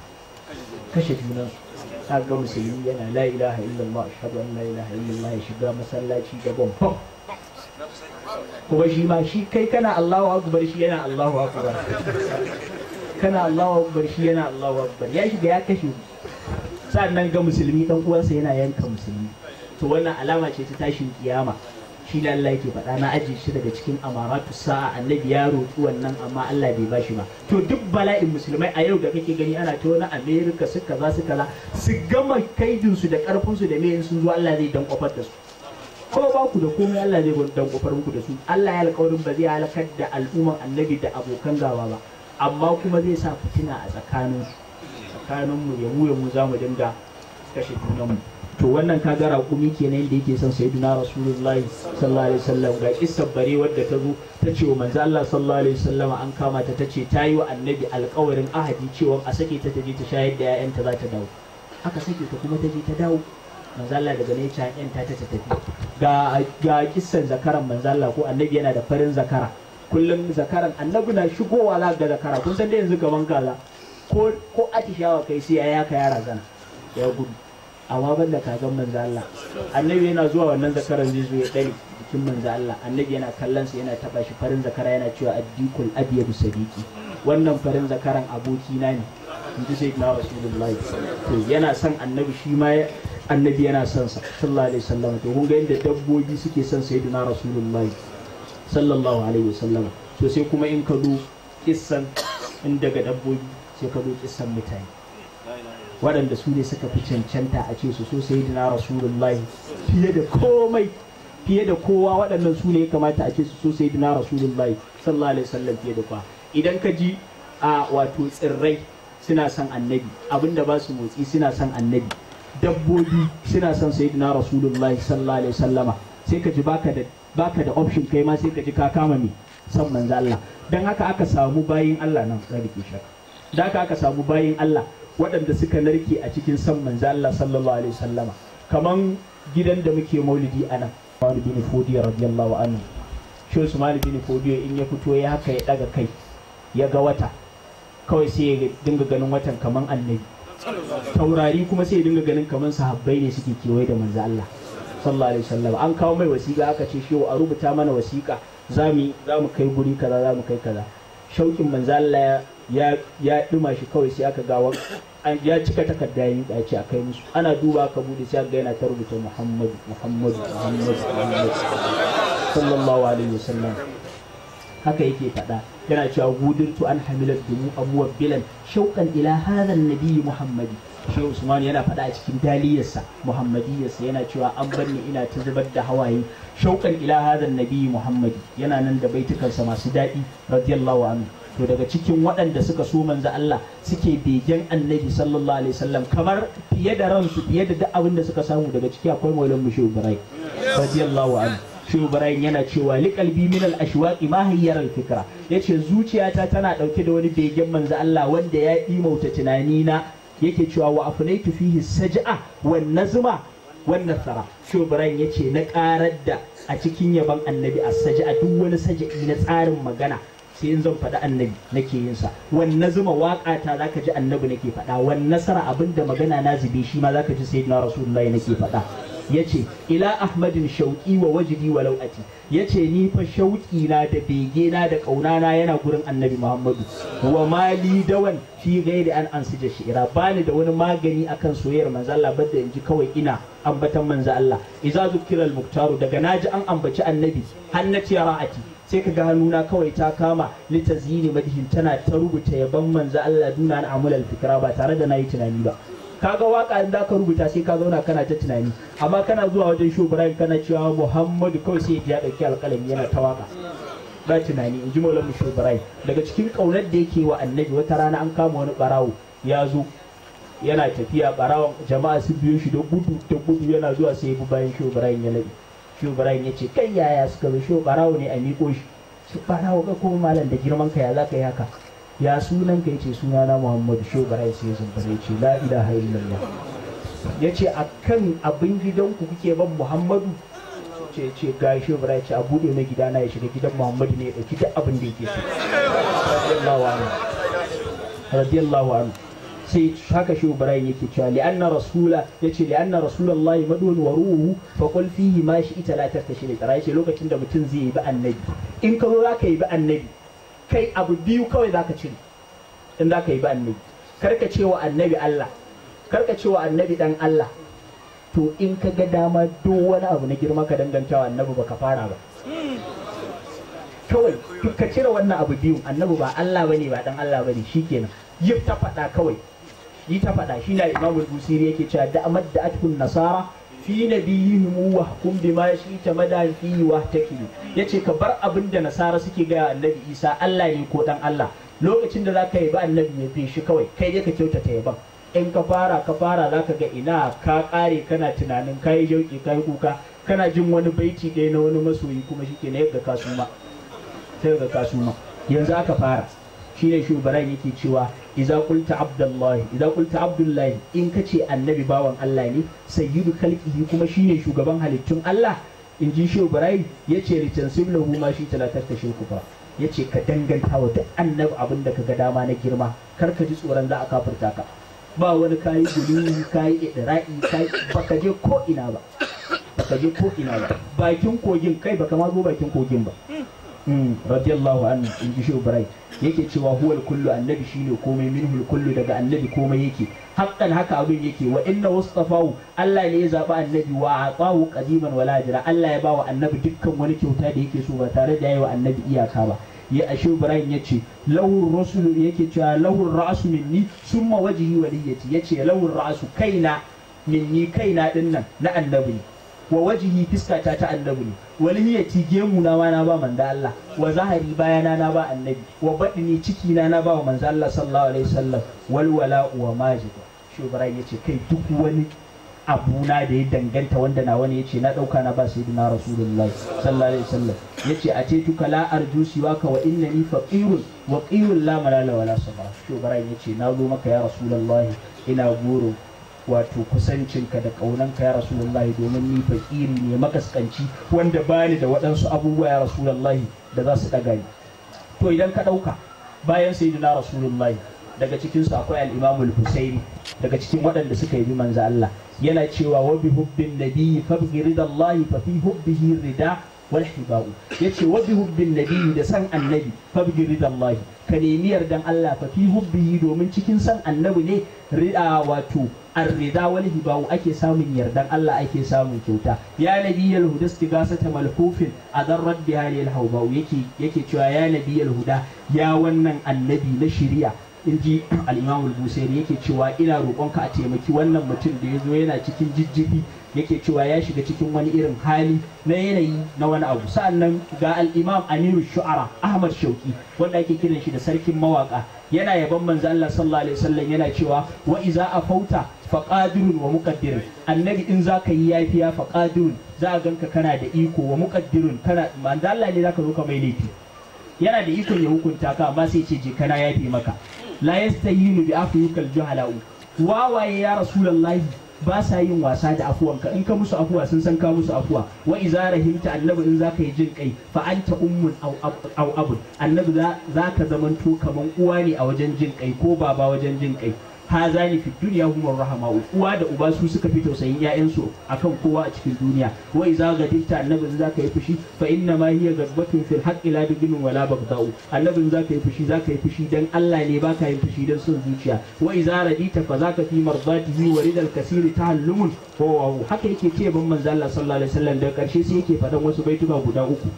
kashe junansu ga musulmi yana la ilaha illallah ashhadu an la ilaha illallah ya shiga masallaci da bambam kuma shi ma shi kai kana Allahu akbar shi yana Allahu akbar kana Allah wabbar shi yana Allah wabbar ya shiga ya kashe nan ga musulmi dan uwansa yana yanka musulmi to wannan alama ce ta tashin kiyama shi da Allah yake faɗa na aji shi daga cikin amaratu sa'a annabi ya roƙi wannan amma Allah bai bashi ba to duk bala'in musulmai a yau da kake gani ana ta wani America su za su kaza su gama kaidin su da karfin su da meyin sun zo Allah zai dan kofar da su ko ba ku da komai Allah zai dan kofar muku da su Allah ya alƙawarin ba zai halakar da al'umman annabi da abokan gawa ba amma kuma zai sa fitina a tsakanin tsakaninmu ya mu ya mu za mu dinga kashe junanmu to wannan ka gara kumi kenan da yake son sayyiduna rasulullahi sallallahu alaihi wasallam ga kissar bare wadda ta zo ta ce wa manzo Allah sallallahu alaihi wasallam an kama ta tace ta yi wa annabi alƙawarin ahadi cewa a sake ta ta je ta shayar da ƴaƴanta za ta dawo aka sake ta kuma ta je ta dawo manzo Allah daga ne ta ƴaƴanta ta tafi ga ga kissan zakaran manzo Allah ko annabi yana da farin zakara kullum zakaran annabi na shigowa za ga zakara kun san da yanzu gaban kaza ko ko atishawa kai sai ya ka yara zana ya gudu amma ban da kagan manzo Allah annabi yana zuwa wannan zakaran zai zo ya dare jikin manzo Allah annabi yana kallon sa yana taba shi farin zakara yana cewa addikul abyadu sadiqi wannan farin zakaran aboki na ne inji sai na rasulullahi to yana son annabi shi ma annabi yana son sa sallallahu alaihi wasallam to kun ga yadda dabbobi suke son sayyidina rasulullahi sallallahu alaihi wasallam to sai kuma in ka du kissan in daga dabbobi sai ka du kissan mutane waɗanda su ne suka fi cancanta a ce su so sai dina rasulullahi fiye da komai fiye da kowa waɗannan su ne ya kamata a ce su so sai dina rasulullahi sallallahu alaihi wasallam fiye da kowa idan ka ji a wato tsirrai suna son annabi abinda ba su motsi suna son annabi dabbobi suna son sayyidina rasulullahi sallallahu alaihi wasallama sai ka ji baka da baka da option kai ma sai ka ji ka kama mi san manzo Allah dan haka aka samu bayin Allah nan ke shaka da haka aka samu bayin Allah waɗanda suka narke a cikin san manzo Allah sallallahu alaihi wasallama kaman gidan da muke maulidi anan Usman bin Fudi radiyallahu anhu shi Usman bin Fudi in ya fito ya haka ya daga kai ya ga wata kawai sai ya dinga ganin watan kaman annabi taurari kuma sai ya dinga ganin kaman sahabbai ne suke kewaye da manzo Allah sallallahu alaihi wasallam an kawo mai wasiƙa aka ce shi a rubuta mana wasiƙa za mu kai guri kaza za mu kai kaza shaukin manzo Allah ya ya dima shi kawai sai aka gawa ya cika takarda yin dace a kai musu ana duba ka bude sai ga yana ta rubuta Muhammadu Muhammadu Muhammadu sallallahu alaihi wasallam haka yake faɗa yana cewa guduntu an hamilar dumu abuwa bilan shauƙan ila hadhan nabi muhammadi shi usman yana faɗa a cikin daliyarsa muhammadiyarsa yana cewa an ni ina ta zubar da hawaye shauƙan ila hadhan nabi muhammadi yana nan da baitukansa masu daɗi radiyallahu anhu to daga cikin waɗanda suka so manzo Allah suke begen annabi sallallahu alaihi wasallam kamar fiye da ransu fiye da duk abin da suka samu daga ciki akwai maulan mushi ibrahim radiyallahu anhu shi Ibrahim yana cewa liqalbi minal al ashwaqi yace zuciyata tana dauke da wani begen manzo Allah wanda ya imauta tunani na yake cewa wa afnaitu fihi saj'a wan nazma wan nasara shi Ibrahim yace na karar da a cikin yaban annabi a saj'a duk wani saj'i na tsarin magana sai in zan faɗi annabi nake yin sa wanne zuma waƙa ta zaka ji annabi nake faɗa wanne nasara abinda magana na zube shi ma zaka ji sayyidina rasulullahi nake faɗa yace ila ahmadin Shauƙi wa wajibi wa lau'ati yace ni fa shauƙi na da bege na da ƙaunana na yana gurin annabi muhammadu wa mali dawan fi ghairi an ansija shi'ira bani da wani magani akan soyayyar manzo Allah bada inji kawai ina ambatan manzo Allah Iza zukira al-muktaru daga naji an ambaci annabi hannati ra'ati sai ka ga hannuna kawai ta kama litazini madihin tana ta rubuta yaban manzo Allah duna an al fikra ba tare da nayi tunani ba kaga waka in zaka rubuta sai ka zauna kana ta tunani amma kana zuwa wajen shu kana cewa Muhammadu kawai sai ya dauki alƙalami yana ta waka ba tunani in ji Maulana Shu daga cikin kaunar da yake wa Annabi wata rana an kama wani barawo ya zo yana tafiya barawon jama'a sun biyo shi da gudu da gudu yana zuwa sai bi bayan Shu ya Shu ya ce kai yaya suka zo Shu barawo ne a miƙo shi Shu barawo ka kuma malam da girman ka ya zaka yi haka ya sunan ka yace sunana Muhammadu Shobara sai zumbura yace la ilaha illallah yace akan abin gidanku kuke ban Muhammadu ce ce ga Shobara yace a bude mai gidana ya shiga gidan Muhammadu ne ya dauki duk abin da yake so radiyallahu anhu radiyallahu anhu sai haka shi Ibrahim yake cewa li'anna rasula yace li'anna rasulullahi madun wa ruhu fa qul fihi ma shi ita la tartashi ne tara yace lokacin da mutum zai yi bi annabi in ka zo zaka yi bi annabi kai abu biyu kawai zaka cire in zaka yi ba annabi karka cewa annabi Allah karka cewa annabi dan Allah to in ka ga dama duk wani abu na girma ka dangantawa annabi baka fara ba kawai duk ka cire wannan abu biyu annabi ba Allah bane ba dan Allah bane shikenan yi ta fada kawai yi ta faɗa shi na imamul busiri yake cewa amad da atkun nasara fi mu wa shi ta shi'ta fi wa Ya yace ka bar abin da nasara suke ga annabi Isa Allah ne ko dan Allah lokacin da zaka yi ba annabi ya fi shi kawai kai je ka kyautata yaban in ka fara ka fara za ka ga ina ka kare kana tunanin kai jauki kai kuka kana jin wani baiti ɗaya na wani masoyi kuma shike ne ga kasuma sai ga kasuma yanzu aka fara shine shugaban yake cewa Iza Kulta abdullahi idza qulta abdullahi in kace annabi bawan Allah ne sayyidu khalqihi kuma shine shugaban halittun Allah in ji shehu barayi yace ritansib lahu ma shi talatar ta shehu kufa yace ka danganta wa duk annabi abin da kaga dama na girma kar ka ji tsoron za a kafirta ka ba wani kayi guli kayi idra'i kayi baka je ko ina ba baka je ko ina ba bakin kogin kai baka ma zo bakin kogin ba Hmm. radiyallahu an in ji shehu barai yake cewa huwal kullu annabi shine komai minhul kullu daga annabi komai yake haqqan haka abin yake wa inna wastafahu Allah ne ya zaba annabi wa atahu qadiman wala jira Allah ya bawa annabi dukkan wani kyauta da yake so ba tare da yayi wa annabi iyaka ba ya ashe Ibrahim ya ce rasul yake cewa lahur ra'su minni summa wajhi waliyati yace lahur ra'su kaina minni kaina dinnan na annabi wa wajihi fiska ta annabi ne walhiyati gemu na ma na ba manzo Allah wa zahari bayana na ba annabi wa badini ciki na na ba wa manzo Allah sallallahu alaihi wasallam wal wala wa majid ibrahim yace kai duk wani abu na da ya danganta wanda na wani yace na dauka na ba sayyidina rasulullahi sallallahu alaihi wasallam yace a ce tuka la arju siwaka wa innani faqirun wa qirun la malala wala shi ibrahim yace na zo maka ya rasulullahi ina goro. wato kusancinka da ƙaunanka ya rasulullahi domin ni fakiri ne makaskanci wanda bani da waɗansu abubuwa ya rasulullahi da za su ɗaga ni to idan ka ɗauka bayan sayyidina rasulullahi daga cikinsu akwai al-imamu al-husaini daga cikin waɗanda suka yi manzo Allah yana cewa wa bi hubbin nabiyyi fa bi ridallahi fa fi hubbihi rida wal hiba'u yace wa bi hubbin nabi da san annabi fa bi ridallahi ka nemi yardan Allah fa fi domin cikin san annabi ne rida wato arrida wal hiba'u ake samun yardan Allah ake samun kyauta ya nabiyal huda istigasata malhufin adan rabbiha lil hawba'u yake yake cewa ya nabiyal huda ya wannan annabi na shari'a in ji al'imamu busairi yake cewa ina roƙonka a taimaki wannan mutum da ya zo yana cikin jijjigi yake cewa ya shiga cikin wani irin hali na yanayi na wani abu sa'annan ga Al'imam Aminu amiru shu'ara ahmad shauki wanda ake kiran shi da sarkin mawaka yana yaban manzo Allah sallallahu alaihi wasallam yana cewa wa iza afauta qadirun wa muqaddirun annabi in zaka yi yafiya qadirun za a ganka kana da iko wa muqaddirun kana manzo Allah ne zaka zo ka mai laifi yana da iko ya hukunta ka amma sai ce je kana yafi maka la yastayinu bi juhala juhala'u wawaye ya rasulullahi ba sa yin wasa da afuwanka in ka musu afuwa sun san ka musu afuwa wa iza rahimta annabi in zaka yi jin kai fa anta ummun aw abun annabi za ka zamanto kaman uwa ne a wajen jin kai ko baba wajen jin kai ha zani fi duniya humar rahama uwa da uba su suka fi tausayin ƴaƴansu akan kowa a cikin duniya wa iza gadibta annabin zaka yi fushi fa inna ma hiya gadbatun fil haqqi la dugunun wala bagdau annabi zaka yi fushi zaka yi fushi dan Allah ne baka yin fushi dan son zuciya wa iza radita fa zaka fi marzatihi wa ridal ta'allumun ko wa haka yake ce ban manzo Allah sallallahu alaihi wasallam da karshe sai yake faɗan wasu baituka guda uku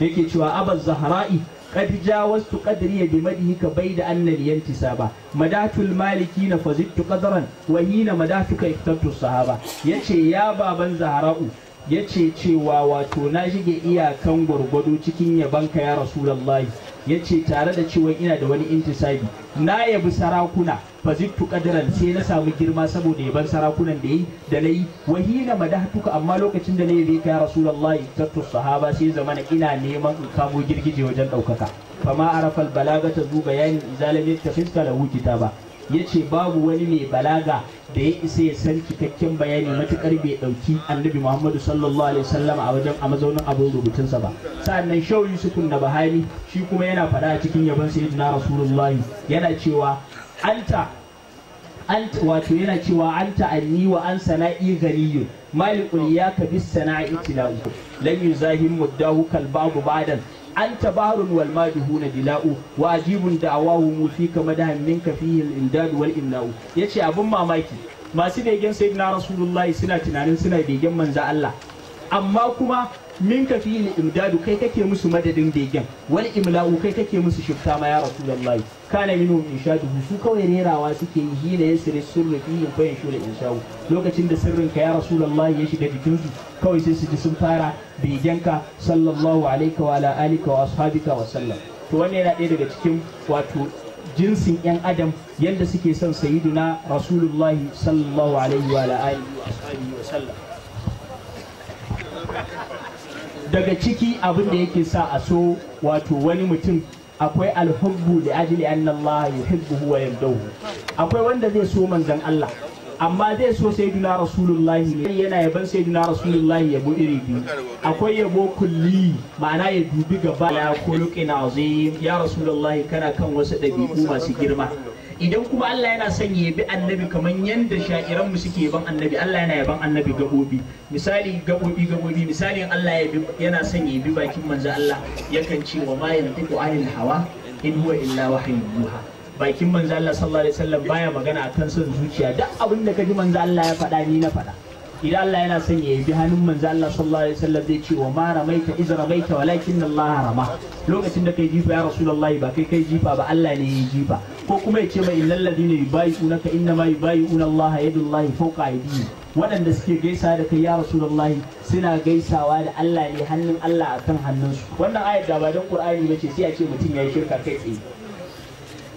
yake cewa abaz zahra'i wasu jawastu qadriya bi madhi ka bayda anna yantisaba madatul maliki na fazittu qadran wa hina madatuka iftattu sahaba yace ya baban zahra'u ya ce cewa wato na shige iyakan gwargwado cikin yabanka ya rasulallahi ya ce tare da cewa ina da wani intisabi na yabi sarakuna zittu kadiran sai na samu girma saboda yaban sarakunan da yi da na yi wahina madahtuka amma lokacin da na yabe ka ya rasulallahi tattu sahaba sai zamana ina neman in kamo girgije wajen ɗaukaka ma arafal balagata zu bayanin izalam yattafista lahu kitaba ya ce babu wani mai balaga da ya isa ya san cikakken bayani matukar bai ɗauki annabi muhammadu sallallahu alaihi wasallam a wajen a mazaunin abin rubutunsa ba sa'annan shau yusufun na bahari shi kuma yana faɗa a cikin yabon sayyidina rasulullahi yana cewa anta anta wato yana cewa an anni wa an sana'i ghaniyun malikul ya ka bis sana'i tilawu lan yuzahim muddahu kal babu badan anta barun wal huna dila'u wa ajibun da'awahu mufika madahan minka fihi al imdad wal Ya ce, abin mamaki masu begen sayyidina rasulullahi suna tunanin suna begen manza Allah amma kuma min ka fi imdadu kai kake musu madadin begen wani imla'u kai kake musu shifta ma ya rasulullahi kana minhum inshadu su kawai rerawa suke yi hina sirri sirru fihim fa in inshawu lokacin da sirrin ka ya rasulullahi ya shiga jikinsu kawai sai su ji sun fara begenka sallallahu alaihi wa ala alika wa ashabika wa sallam to wannan yana ɗaya daga cikin wato jinsin 'yan adam yadda suke son sayiduna rasulullahi sallallahu alaihi wa alihi wa sallam daga ciki abin da yake sa a so wato wani mutum akwai alhubbu da ajili annallaha yuhibbuhu wa yardahu akwai wanda zai so manzan Allah amma zai so sayyidina rasulullahi ne yana yaban sayyidina rasulullahi ya iri biyu akwai yabo kulli ma'ana ya dubi gaba ya kuluqin azim ya rasulullahi kana kan wasu dabi'u masu girma idan kuma Allah yana son ya bi annabi kamar yadda sha'iran mu suke ban annabi Allah yana yaban annabi gabobi misali gabobi gabobi misalin Allah yana son ya bi bakin manzo Allah yakan ce wa ma yantiqu anil hawa in huwa illa wahyu yuha bakin manzo Allah sallallahu alaihi wasallam baya magana akan son zuciya duk abin da kaji manzo Allah ya faɗa ni na faɗa idan Allah yana son ya bi hannun manzo Allah sallallahu alaihi wasallam zai ce wa ma ka iz ramaita walakin Allah rama lokacin da kai jifa ya rasulullah ba kai kai jifa ba Allah ne ya jifa ko kuma ya ce mai innal ladina inna ma yubayuna Allah yadullahi fawqa aydihim waɗanda suke gaisa da kai ya rasulullah suna gaisawa da Allah ne hannun Allah akan hannunsu wannan ayat da ba dan Qur'ani bace sai a ce mutum yayi shirka kai tsaye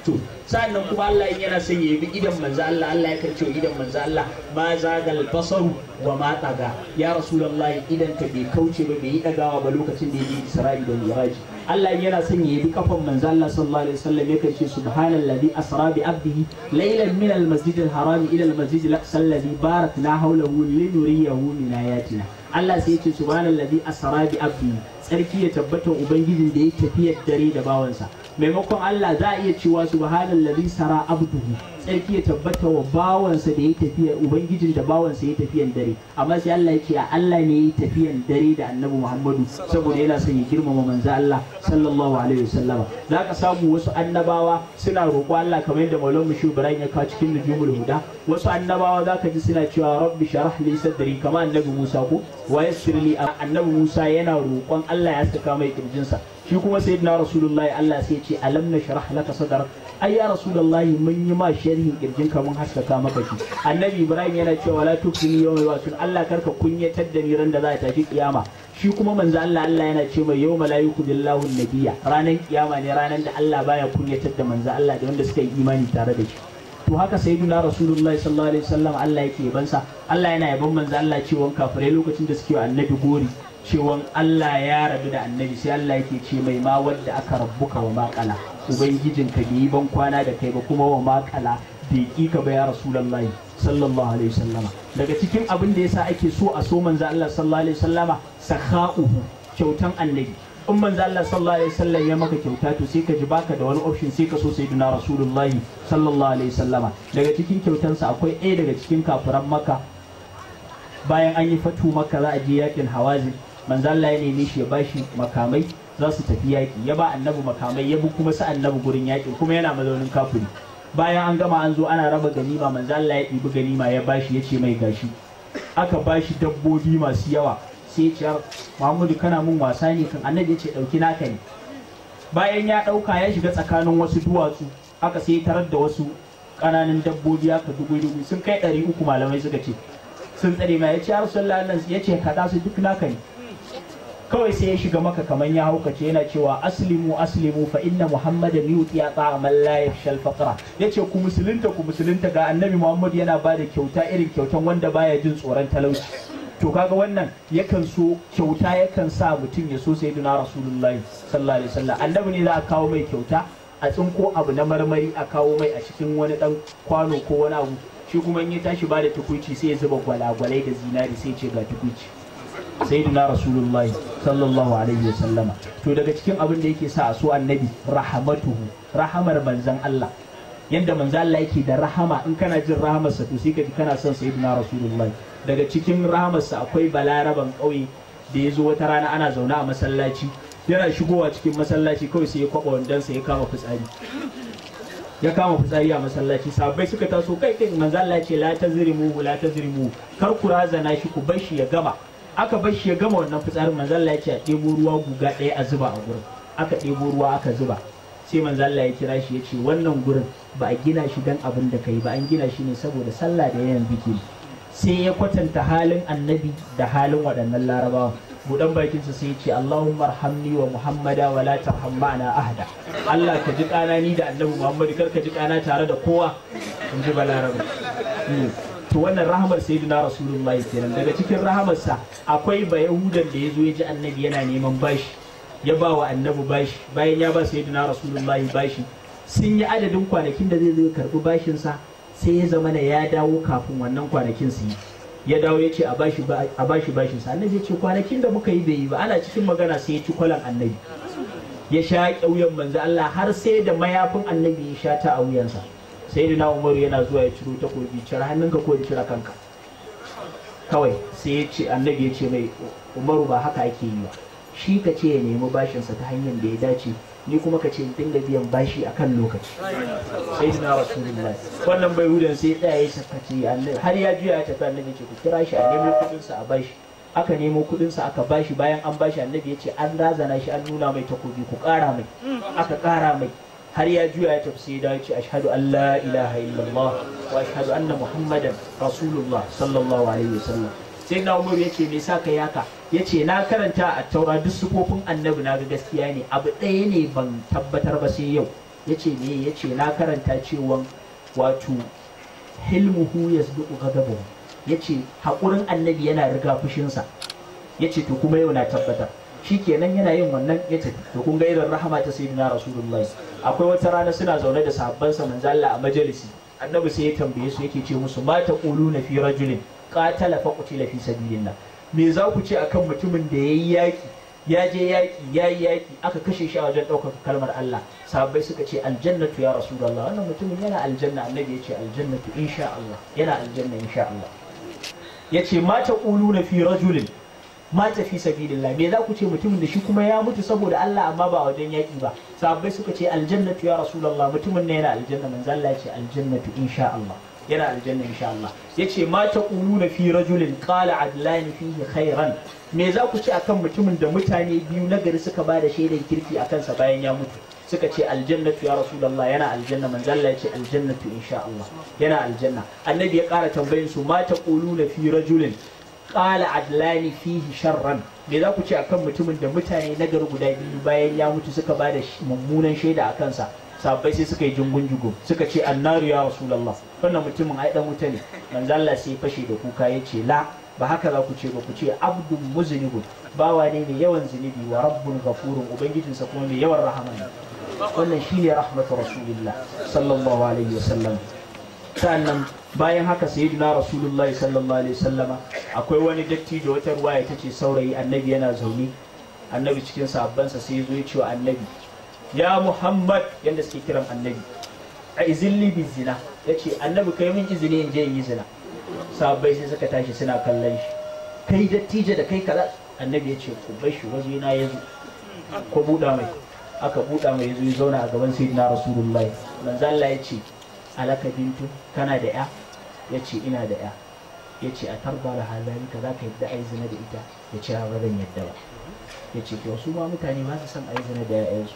to nan kuma Allah in yana son ya bi idan manzo Allah Allah yakan ce idan manzo Allah ma zagal basaru wa ma taga ya rasulullahi idan ka bai kauce ba bai yi dagawa ba lokacin da ya yi Isra'i da Mi'raj Allah in yana son ya bi kafan manzo Allah sallallahu alaihi wasallam yakan ce subhanallazi asra bi abdihi laylan min al-masjid al-haram ila al-masjid al-aqsa alladhi barakna hawlahu linuriyahu min ayatina Allah sai ya ce subhanallazi asra bi abdihi tsarki ya tabbata ubangijin da ya tafiyar dare da bawansa maimakon Allah za a iya cewa su subhanallazi sara abduhu tsarki ya tabbata wa bawansa da ya tafiya ubangijin da bawansa ya tafiyan dare amma sai Allah ya ce a Allah ne ya tafiyan dare da annabi Muhammadu saboda yana son ya girmama manzo Allah sallallahu alaihi wasallama za ka samu wasu annabawa suna roƙo Allah kamar yadda Maulana Mushu Ibrahim ya kawo cikin nujumul huda wasu annabawa za ka ji suna cewa rabbi sharah li sadri kamar annabi Musa ko wa yassir li annabi Musa yana roƙon Allah ya saka mai kirjinsa shi kuma na rasulullahi Allah sai ce alam shirar laka sadar ai ya rasulullahi mun yi ma sharhin kirjin ka mun haskaka maka shi annabi ibrahim yana cewa la tukini yawma yub'athun Allah karka kunyatar da ni ran da za ta tafi kiyama shi kuma manzo Allah Allah yana ce mai yawma la yukhdillahu nabiyya ranan kiyama ne ranan da Allah baya kunyatar da manzo Allah da wanda suka yi imani tare da shi to haka sayyidina rasulullahi sallallahu alaihi wasallam Allah yake yabansa Allah yana yaban manzo Allah cewa kafirai lokacin da suke annabi gori cewan Allah ya rabu da annabi sai Allah yake ce mai ma wadda aka rabu ka wa makala ubangijin ka yi ban kwana da kai ba kuma wa makala bai ki ka ba ya rasulullahi sallallahu alaihi wasallama daga cikin abin da yasa ake so a so manzo Allah sallallahu alaihi wasallama sakha'uhu kyautan annabi in manzo Allah sallallahu alaihi wasallam ya maka kyauta to sai ka ji baka da wani option sai ka so sayyidina rasulullahi sallallahu alaihi wasallama daga cikin kyautansa akwai ɗaya daga cikin kafiran maka bayan an yi fatu maka za a je yakin hawazin manzan Allah ya nemi shi ya bashi makamai za su tafi yaƙi ya ba annabi makamai ya bi kuma sa annabi gurin yaƙi kuma yana mazaunin kafuri bayan an gama an zo ana raba ganima manzan Allah ya ɗibi ganima ya bashi ya ce mai gashi aka ba shi dabbobi masu yawa sai ya ce Muhammadu kana mun wasa ne kan annabi ya ce ɗauki naka ne bayan ya ɗauka ya shiga tsakanin wasu duwatsu aka sai tarar da wasu ƙananan dabbobi aka dubu-dubu sun kai ɗari uku malamai suka ce sun tsare ma ya ce ya rasu Allah ya ce ka su duk naka ne kawai sai ya shiga maka kamar ya haukace yana cewa aslimu aslimu fa inna muhammadan yuti ya ta amal la fakara faqra yace ku musulunta ku musulunta ga annabi muhammad yana ba da kyauta irin kyautan wanda baya jin tsoron talauci to kaga wannan yakan so kyauta yakan sa mutum ya so duna rasulullahi sallallahu alaihi wasallam annabi ne za a kawo mai kyauta a tsinko abu na marmari a kawo mai a cikin wani dan kwano ko wani abu shi kuma in ya tashi ba da tukuici sai ya zuba gwalagwalai da zinari sai ce ga tukuici sayyidina rasulullahi sallallahu alaihi wa sallama to daga cikin abin da yake sa a so annabi rahmatuhu rahamar manzon Allah yanda manzon Allah yake da rahama in kana jin sa to sai ka ji kana son sayyidina rasulullahi daga cikin rahamarsa akwai balaraban kauye da ya zo wata rana ana zauna a masallaci yana shigowa cikin masallaci kawai sai ya kwaba sa ya kama fitsari ya kama fitsari a masallaci sabai suka taso kai kai manzo Allah ce la tazrimu la tazrimu kar ku razana shi ku bar shi ya gama aka bar shi ya gama wannan fitsarin manzo Allah ya ce a ɗebo ruwa guga ɗaya a zuba a gurin aka ɗebo ruwa aka zuba sai manzo Allah ya kira shi ya ce wannan gurin ba a gina shi dan abin da kai ba an gina shi ne saboda sallah da yayin biki sai ya kwatanta halin annabi da halin waɗannan larabawa budan bakinsa sai ya ce Allahumma arhamni wa Muhammada wa la tarham ahada Allah ka ji kana ni da annabi Muhammad kar ka ji kana tare da kowa in ji balarabe hmm. to wannan rahamar sayyidina rasulullahi kenan daga cikin sa akwai ba yahudan da ya zo ya ji annabi yana neman bashi ya ba wa annabi bashi bayan ya ba sayyidina rasulullahi bashi sun yi adadin kwanakin da zai zo ya karbi bashinsa sai ya zama ya dawo kafin wannan kwanakin su ya dawo ya ce a bashi bashinsa annabi ya ce kwanakin da muka yi bai yi ba ana cikin magana sai ya ci kwalan annabi ya sha ƙauyen manzo Allah har sai da mayafin annabi ya sha ta a wuyansa sai na yana zuwa ya ciro takobi cire hannunka ko in cire kanka kawai sai ya ce annabi ya ce mai umaru ba haka ake yi ba shi ka ce ya nemi bashinsa ta hanyar da ya dace ni kuma ka ce dinga biyan bashi a kan lokaci sai suna wannan bai hudan sai ɗaya ya tafi annabi har ya juya ya tafi annabi ce ku kira shi a nemo kuɗinsa a bashi aka nemo kudinsa aka bashi bayan an bashi annabi ya ce an razana shi an nuna mai takobi ku kara mai aka kara mai har ya juya ya tafi sai ya ce ashhadu an la ilaha illallah wa ashhadu anna muhammadan rasulullah sallallahu alaihi wasallam sai na umar yace me sa ka yaka yace na karanta a taura duk sufofin annabi na ga gaskiya ne abu ɗaya ne ban tabbatar ba sai yau yace me yace na karanta cewan wato hilmuhu yasduqu ghadabahu yace hakurin annabi yana riga fushinsa yace to kuma yau na tabbatar Shi kenan yana yin wannan ya tafi to kun ga irin rahama ta sayyidina rasulullahi akwai wata rana suna zaune da sahabban sa manzo Allah a majalisi annabi sai ya tambaye su yake ce musu ma taquluna fi rajulin qatala fa qutila fi sabilillah me za ku ce akan mutumin da yayi yaki ya je yaki yayi yaki aka kashe shi a wajen daukar kalmar Allah Sabbai suka ce aljannatu ya rasulullah wannan mutumin yana aljanna annabi ya ce aljannatu insha Allah yana aljanna insha Allah yace ma taquluna fi rajulin mata fi sabilillah me za ku ce mutumin da shi kuma ya mutu saboda Allah amma ba wajen yaki ba sahabbai suka ce aljannatu ya rasulullah mutumin ne yana aljanna manzo Allah ya ce aljannatu insha Allah yana aljanna insha Allah yace ma taquluna fi rajulin qala adlan fihi khairan me za ku ce akan mutumin da mutane biyu na gari suka ba da shaidan kirki akan sa bayan ya mutu suka ce aljannatu ya rasulullah yana aljanna manzo Allah ya ce aljannatu insha Allah yana aljanna annabi ya kara tambayin su ma taquluna fi rajulin qala adlani fihi sharran me za ku ce akan mutumin da mutane na gari guda biyu bayan ya mutu suka ba da mummunan shaida a kansa sabai sai suka yi jungun suka ce annaru ya rasulullah wannan mutumin ai dan wuta ne manzo Allah sai fashe da kuka yace la ba haka za ku ce ba ku ce abdun muzinibun bawa ne mai yawan zunubi wa rabbun ghafurun ubangijinsa kuma mai yawan rahama ne wannan shine rahmatu rasulillah sallallahu alaihi wasallam sannan bayan haka na rasulullahi sallallahu alaihi sallama akwai wani dattijo wata ruwaya tace saurayi annabi yana zaune annabi cikin sahabbansa sai zo ya ce wa annabi ya muhammad yadda suke kiran annabi a izilli bi zina yace annabi kai min izini in je yi zina sahabbai sai suka tashi suna kallon shi kai dattijo da kai kaza annabi ya ce ku bar shi waje na yazo ko buɗa mai aka buɗa mai yazo ya zauna a gaban sayyidina rasulullahi manzo Allah ya alaka bintu kana da ya ya ce ina da ya ya ce a tarba da halalika za ka yadda a yi zina da ita ya ce ba zan yadda ba ya ce kyau su ma mutane ba su san a yi zina da ya'yansu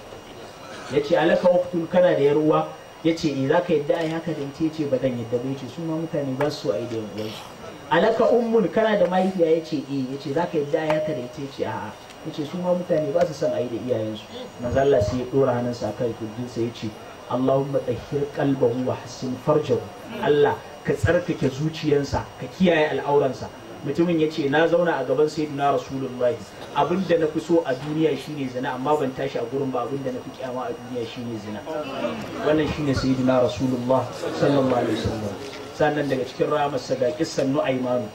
ya ce alaka uktun kana da yaruwa ya ce za ka yadda a yi haka da ita ya ce ba zan yadda ba ya ce su ma mutane ba su so a yi da yaruwansu alaka ummun kana da mahaifiya ya ce eh ya ce za ka yadda a yi haka da ita ya ce a'a ya ce su ma mutane ba su son a yi da iyayensu manzalla sai ya ɗora hannunsa a kan kirjinsa ya ce Allahumma tsahir qalbahu wa hassin farjahu Allah ka tsarkake zuciyarsa ka kiyaye al'auransa mutumin ya ce na zauna a gaban sayyidina rasulullahi abin da na fi so a duniya shine zina amma ban tashi a gurin ba abin da na fi kyama a duniya shine zina wannan shine sayyidina rasulullah sallallahu alaihi wasallam sannan daga cikin ramarsa ga kissan nu'aymanu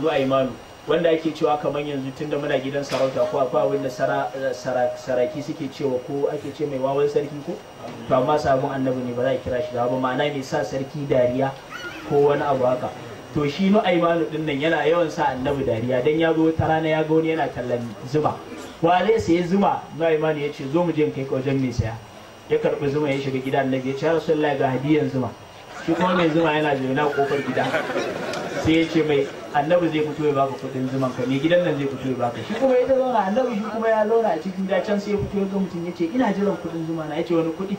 nu'aymanu wanda ake cewa kamar yanzu tunda muna gidan sarauta ko akwai abin da eh, saraki suke cewa ko ake ce mai wawan sarki ko to amma sabon annabi ne ba za a kira shi da ba ma'ana ne sa sarki dariya ko wani abu haka to shi no aimanu din nan yana yawan sa annabi dariya dan ya zo ta rana ya ga wani yana tallan zuma wa zai sai zuma no aimanu ya ce zo mu je kai ka wajen mai saya ya karbi zuma ya shiga gidan annabi ya ce rasulullahi ga hadiyan zuma shi kuma mai zuma yana zai na kofar gida sai ya ce mai annabi zai fito ya baka kudin zuman ka mai gidan nan zai fito ya baka shi kuma ya ta zauna annabi shi kuma ya zauna a cikin gida can sai ya fito ya ga mutum ya ce ina jiran kudin zuma na ya ce wani kudi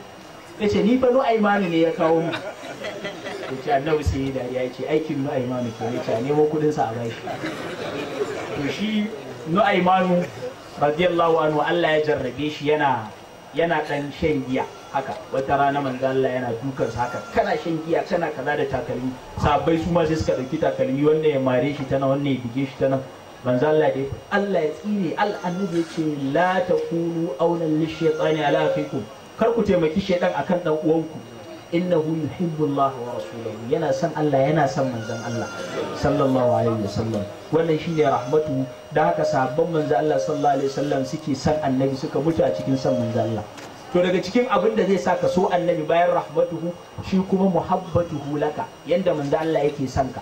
ya ce ni fa nu aimani ne ya kawo mu ya ce annabi sai ya dariya ya ce aikin nu aimani ke ya ce a nemo kudin sa a bashi to shi nu aimanu radiyallahu anhu Allah ya jarrabe shi yana yana dan shan giya haka wata rana manzo Allah yana dukan sa haka kana shan giya kana kaza da takalmi sabai su ma sai suka dauki takalmi wanda ya mare shi tana wanda ya bige shi tana manzo Allah dai Allah ya tsire al'annabi annabi yace la takunu aunan lishaytani ala fikum kar ku taimaki shaydan akan dan uwanku innahu Allah wa rasuluhu yana san Allah yana son manzon Allah sallallahu alaihi wasallam wannan shine rahmatu da haka sahabban manzon Allah sallallahu alaihi wasallam suke san annabi suka mutu a cikin son manzon Allah to daga cikin abin da zai sa ka so annabi bayan rahmatuhu shi kuma muhabbatuhu laka yanda manzo Allah yake son ka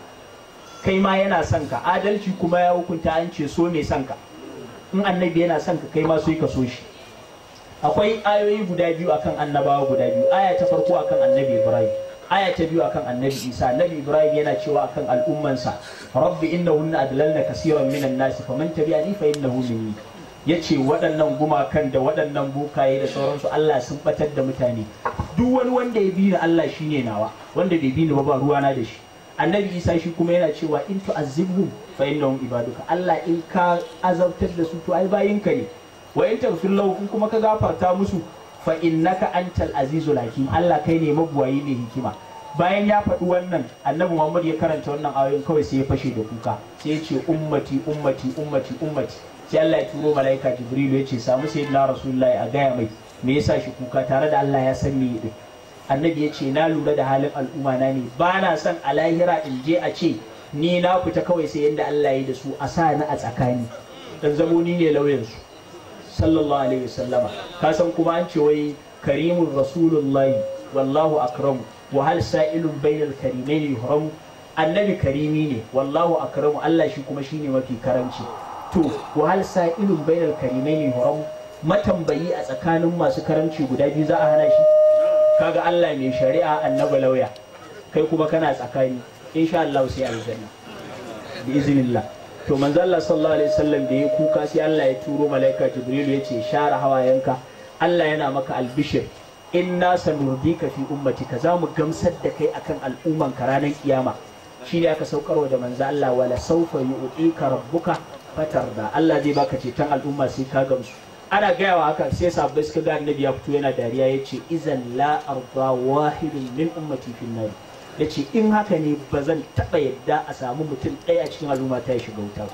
kai ma yana son ka adalci kuma ya hukunta an ce so mai son ka in annabi yana son ka kai ma so ka so shi akwai ayoyi guda biyu akan annabawa guda biyu aya ta farko akan annabi Ibrahim aya ta biyu akan annabi Isa annabi Ibrahim yana cewa akan al'ummansa rabbi innahunna adlalna kaseeran minan nasi faman tabi'ani fa innahu minni ya ce waɗannan gumakan da waɗannan bukaye da sauransu Allah sun batar da mutane duk wani wanda ya bi ni Allah shi ne nawa wanda bai bi ni ba ba ruwana da shi annabi isa shi kuma yana cewa in tu'azzibhum fa innahum ibaduka Allah in ka azabtar da su to ai bayinka ne wa in taghfir kuma ka gafarta musu fa innaka antal azizul hakim Allah kai ne mabuwaye ne hikima bayan ya faɗi wannan annabi Muhammad ya karanta wannan ayoyin kawai sai ya fashe da kuka sai ya ce ummati ummati ummati ummati sai Allah ya turo mala'ika Jibrilu ya ce samu na Rasulullahi a gaya mai me yasa shi kuka tare da Allah ya san me din annabi ya ce na lura da halin al'umma na ne ba na son a lahira in je a ce ni na fita kawai sai yadda Allah ya da su a sa ni a tsakani dan zamo ni ne lauyan su sallallahu alaihi wasallama ka san kuma an ce wai karimul rasulullahi wallahu akram wa hal sa'ilun bainal karimaini yuhram annabi karimi ne wallahu akramu Allah shi kuma shine mafi karamci. to wahal sa ilun bainal karimai ne horon matambayi a tsakanin masu karamci guda biyu za a hana shi kaga Allah mai shari'a annabi lauya kai kuma kana tsakani insha Allah sai aljanna bi iznillah to manzo Allah sallallahu alaihi wasallam da ya kuka sai Allah ya turo malaika Jibril ya ce share hawayenka Allah yana maka albishir inna sanurdika fi ummati ka zamu gamsar da kai akan al'umman ka ranar kiyama shi ne aka saukarwa da manzo Allah wala sawfa yu'tika rabbuka Fatar da Allah zai baka ceton al'umma sai ka gamsu ana gaya wa haka sai sabbai suka ga annabi ya fito yana dariya ya ce izan la arda wahidun min ummati fil nar ya in haka ne ba zan taɓa yadda a samu mutum ɗaya cikin al'umma ta shiga wuta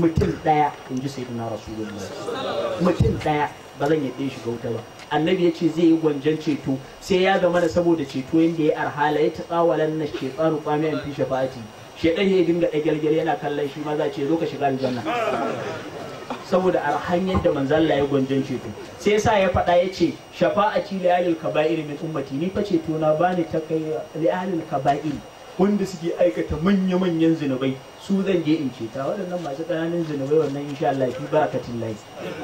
mutum ɗaya in ji sayyidina rasulullah mutum ɗaya ba zan yadda shiga wuta ba annabi ya ce zai yi gwanjan ceto sai ya gama da saboda ceto yadda ya arhala ya ta tsawalan na shekaru an fi shafa'ati shedan ya dinga ɗagyargyar yana kallon shi ma za ce zo ka shiga aljanna saboda arhan yadda manzon Allah ya gwanjan ceto sai sa ya faɗa ya ce shafa'aci liyalil ahlil kaba'ir min ummati ni fa ceto na bani ta kai li ahlil kaba'ir wanda suke aikata manya-manyan zinubai su zan je in ceta waɗannan masu ƙananan zinubai wannan insha Allah fi barakatin lahi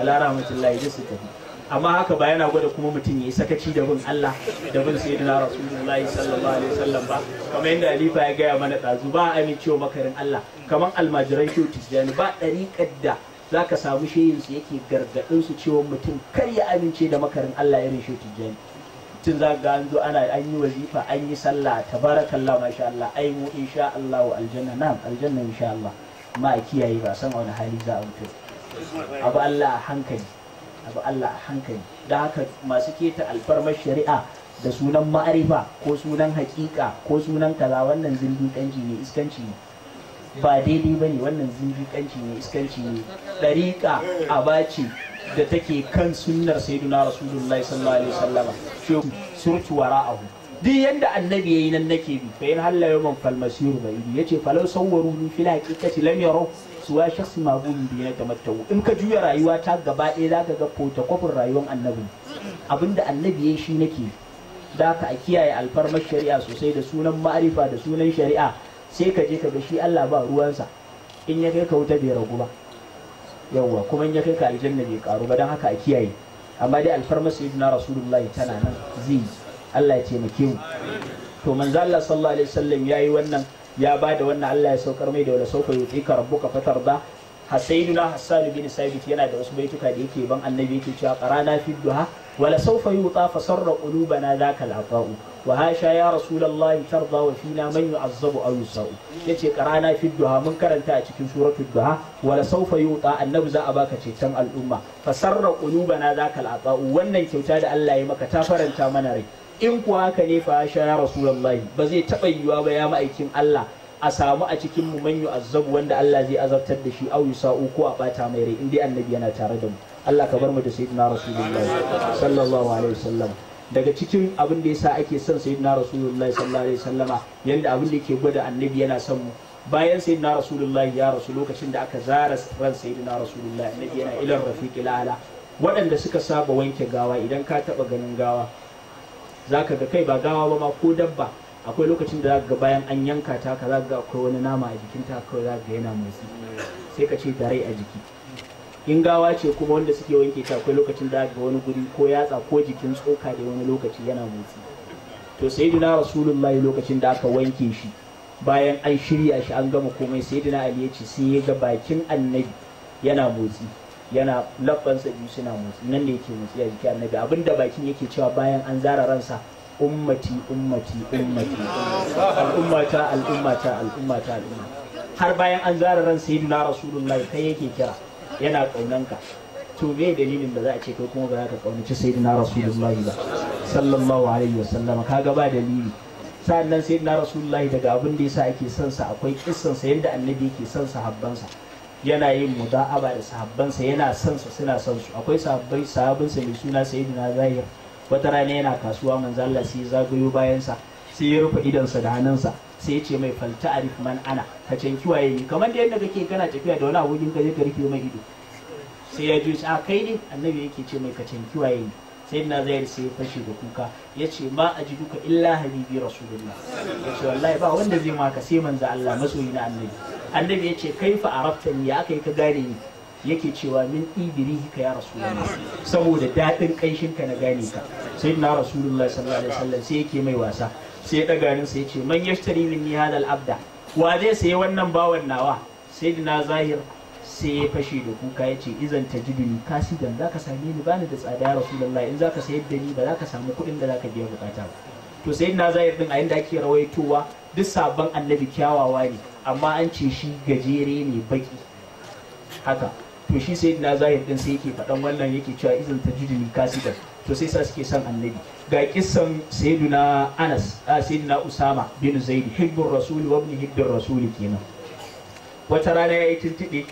ala rahmatin zai da su tafi amma haka ba yana gwada kuma mutum ya yi sakaci da bin Allah da bin sayyidina rasulullahi sallallahu alaihi wasallam ba kamar yadda alifa ya gaya mana ɗazu ba amincewa makarin Allah kamar almajiran kyotis yani ba ɗariƙar da za ka samu shehin su yake gargaɗin su cewa mutum kar ya amince da makarin Allah irin shoti jani tun za ga an zo ana an yi wazifa an yi sallah tabarakallah masha Allah ai mu insha Allah wa aljanna na'am aljanna insha Allah ma kiyaye ba san wani hali za a mutu abu Allah a hankali abu Allah a hankali da haka masu keta alfarmar shari'a da sunan ma'arifa ko sunan hakika ko sunan kaza wannan kanci ne iskanci ne ba daidai ba ne wannan kanci ne iskanci ne ɗariƙa bace da take kan sunnar sayyiduna rasulullahi sallallahu alaihi wasallama surtu wara'ahu duk yadda annabi yayi nan nake bi fa in halla yawman falmasiru ya yace falau sawwaru fil haqiqati lam yarahu wa shasu magun biya ga mattawu in ka juya rayuwa ta gaba ɗaya za ka ga fota kwafin rayuwar annabi abinda annabi ya shi nake da ka a kiyaye alfarmar shari'a sosai da sunan ma'arifa da sunan shari'a sai ka je ka ga shi Allah ba ruwansa in ya kai ka wuta bai ragu ba yawwa kuma in ya kai ka aljanna bai karu ba don haka a kiyaye amma dai alfarmar sayyidina rasulullahi tana nan zai Allah ya taimake mu to manzo Allah sallallahu alaihi wasallam yayi wannan ya ba da wannan Allah ya saukar mai da wala sauka yuti ka rabbuka fatarda hasaiduna hasan bin sabit yana da wasu baituka da yake ban annabi yake cewa na fi duha wala saufa yuta fa sarra qulubana zaka lafa'u wa hasha ya rasulullahi tarda wa fina man yu'azzabu aw yusau yace qarana fi duha mun karanta a cikin suratul duha wala saufa yuta annabi za a baka ceton al'umma fa sarra qulubana zaka lafa'u wannan kyauta da Allah ya maka ta faranta mana rai in kuwa haka ne fa sha ya rasulullahi ba zai taɓa yiwa ba ya ma'aikin Allah a samu a cikin mu manyu azzabu wanda Allah zai azabtar da shi au yusa'u ko a bata mai rai in dai annabi yana tare da mu Allah ka bar mu da sayyidina rasulullahi sallallahu alaihi wasallam daga cikin abin da yasa ake son sayyidina rasulullahi sallallahu alaihi wasallama yanda abin da yake gwada annabi yana son mu bayan sayyidina rasulullahi ya rasu lokacin da aka zara ran sayyidina rasulullahi annabi yana ilar rafiqil ala waɗanda suka saba wanke gawa idan ka taba ganin gawa za ka ga kai ba gawa ba ma ko dabba akwai lokacin da za ga bayan an yanka ta ka za ga akwai wani nama a jikin ta kawai za ga yana motsi sai ka ce da rai a jiki in gawa ce kuma wanda suke wanke ta akwai lokacin da ga wani guri ko yatsa ko jikin tsoka da wani lokaci yana motsi to sayyidina rasulullahi lokacin da aka wanke shi bayan an shirya shi an gama komai sayyidina ali ya ce sai ya ga bakin annabi yana motsi yana sa biyu suna motsi nan da yake motsi a jiki annabi abinda bakin yake cewa bayan an zara ransa ummati ummati ummati al'ummata al'ummata al'ummata al'ummata har bayan an zara ran sayyidina rasulullahi kai yake kira yana kaunanka to me dalilin da za a ce kai kuma ba za ka kaunaci sayyidina rasulullahi ba sallallahu alaihi wasallam kaga ba dalili sa'annan sayyidina rasulullahi daga abin da yasa ake son sa akwai kissan sa yanda annabi yake son sa habbansa yana yin muda'aba da sahabbansa yana son su suna son su akwai sahabbai sahabinsa mai suna sayyidina zahir wata rana yana kasuwa manzo Allah sai zagayo bayansa sai ya rufe sa da hannun sa sai ya ce mai falta arif man ana ka ce waye ni kamar da yadda kake kana tafiya da wani abokin ka je ka rufe mai ido sai ya ji a kai ne annabi yake ce mai ka waye ni sai na zai sai ya fashe da kuka ya ce ma a ji duka illa habibi rasulullah ya ce wallahi ba wanda zai maka sai manzo Allah masoyi na annabi annabi ya ce fa arabta ni ya aka yi ka gane ni yake cewa min idirihi ka ya rasulullah saboda daɗin kaishin ka na gane ka sai na rasulullah sallallahu alaihi wasallam sai yake mai wasa sai ya daga nin sai ya ce man yashtari min hadal abda wa zai sayi wannan bawan nawa sai zahir sai ya fashe da kuka ya ce izan ta kasi kasidan za ka same ni bani da tsada rasulallah in za ka sayar da ni ba za ka samu kuɗin da za ka biya bukata ba to sai na zahir din a yadda ake rawaitowa duk sabon annabi kyawawa ne amma an ce shi gajere ne baki haka to shi sai na zahir din sai yake faɗan wannan yake cewa izan ta kasi da to sai sa suke son annabi ga kissan sayyiduna anas a sayyiduna usama bin zaid hibbur rasul wa ibn hibbur rasul kenan wata rana ya yi tuntuɓe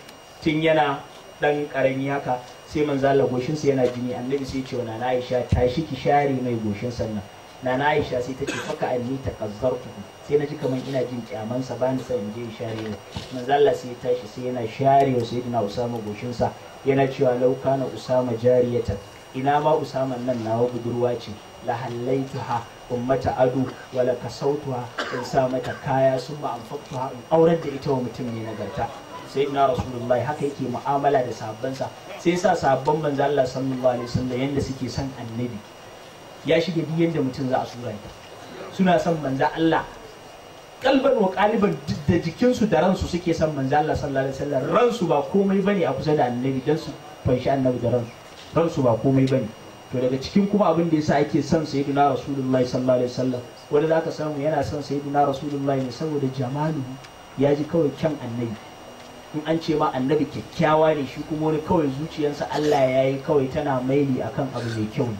tun yana ɗan ƙarami haka sai manzo Allah goshin yana jini annabi sai ce wa nana Aisha tashi ki share mai goshin nan. nana Aisha sai ta ce faka anni takazzartu sai na ji kamar ina jin kyaman sa bani sai in je in share yau manzo Allah sai ya tashi sai yana share wa sai na Usama goshin sa yana cewa law kana Usama jariyata. ina ma Usama nan nawa budurwa ce lahallaituha ummata adu wala kasautuha in sa mata kaya sun ba an in aurar da ita wa mutum ne nagarta na rasulullahi haka yake mu'amala da sahabbansa sai sa sahabban manzo Allah sallallahu alaihi wasallam yanda suke son annabi ya shiga duk yanda mutum za a shi suna son manzo Allah kalban wa kaliban da jikinsu da ransu suke son manzo Allah sallallahu alaihi wasallam ransu ba komai bane a kusa da annabi dan su fanshi annabi da ransu ransu ba komai bane to daga cikin kuma abin da yasa ake son sayyidina rasulullahi sallallahu alaihi wasallam wanda zaka samu yana son sayyidina rasulullahi ne saboda jamaluhu ya ji kawai kyan annabi in an ce ma annabi kyakkyawa ne shi kuma wani kawai zuciyarsa Allah ya yi kawai tana maili akan abu mai kyau ne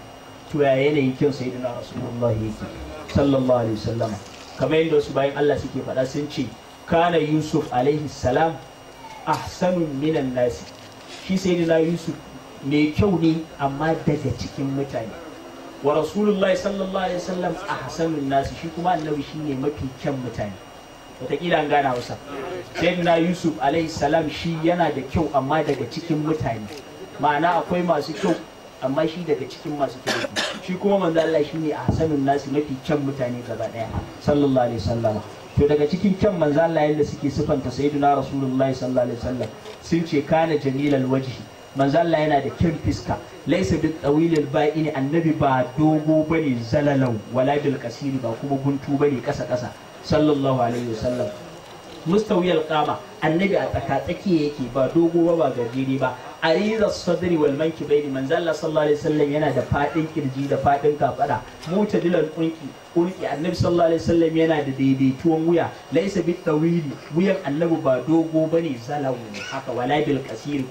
to ya yanayin kyan sayyidina rasulullahi yake sallallahu alaihi wasallam kamar yadda wasu bayan Allah suke faɗa sun ce kana yusuf alaihi salam ahsanun minan nasi shi dina yusuf mai kyau ne amma daga cikin mutane wa rasulullahi sallallahu alaihi wasallam ahsanun nasi shi kuma annabi shine mafi kyan mutane wataƙila an gane hausa na yusuf alaihi salam shi yana da kyau amma daga cikin mutane ma'ana akwai masu kyau amma shi daga cikin masu kyau shi kuma manzo Allah ne a sanin nasu mafi kyan mutane gaba daya sallallahu alaihi wasallam to daga cikin kyan manzo Allah yanda suke sifanta sayyidina rasulullahi sallallahu alaihi wasallam sun ce kana jamilal wajhi manzo Allah yana da kyan fiska laysa bi tawilil ba'ini annabi ba dogo bane zalalau wala bil qasiri ba kuma guntu bane kasa kasa sallallahu alaihi wasallam mustawiyal qama annabi a tsakatsaki yake ba dogo ba ba gajere ba ariza sadri wal mankibaini manzo sallallahu alaihi wasallam yana da fadin kirji da fadin kafada mutadilal kunki kunki annabi sallallahu alaihi wasallam yana da daidaituwan wuya laisa bit tawili wuyan annabi ba dogo bane zalawu haka wala bil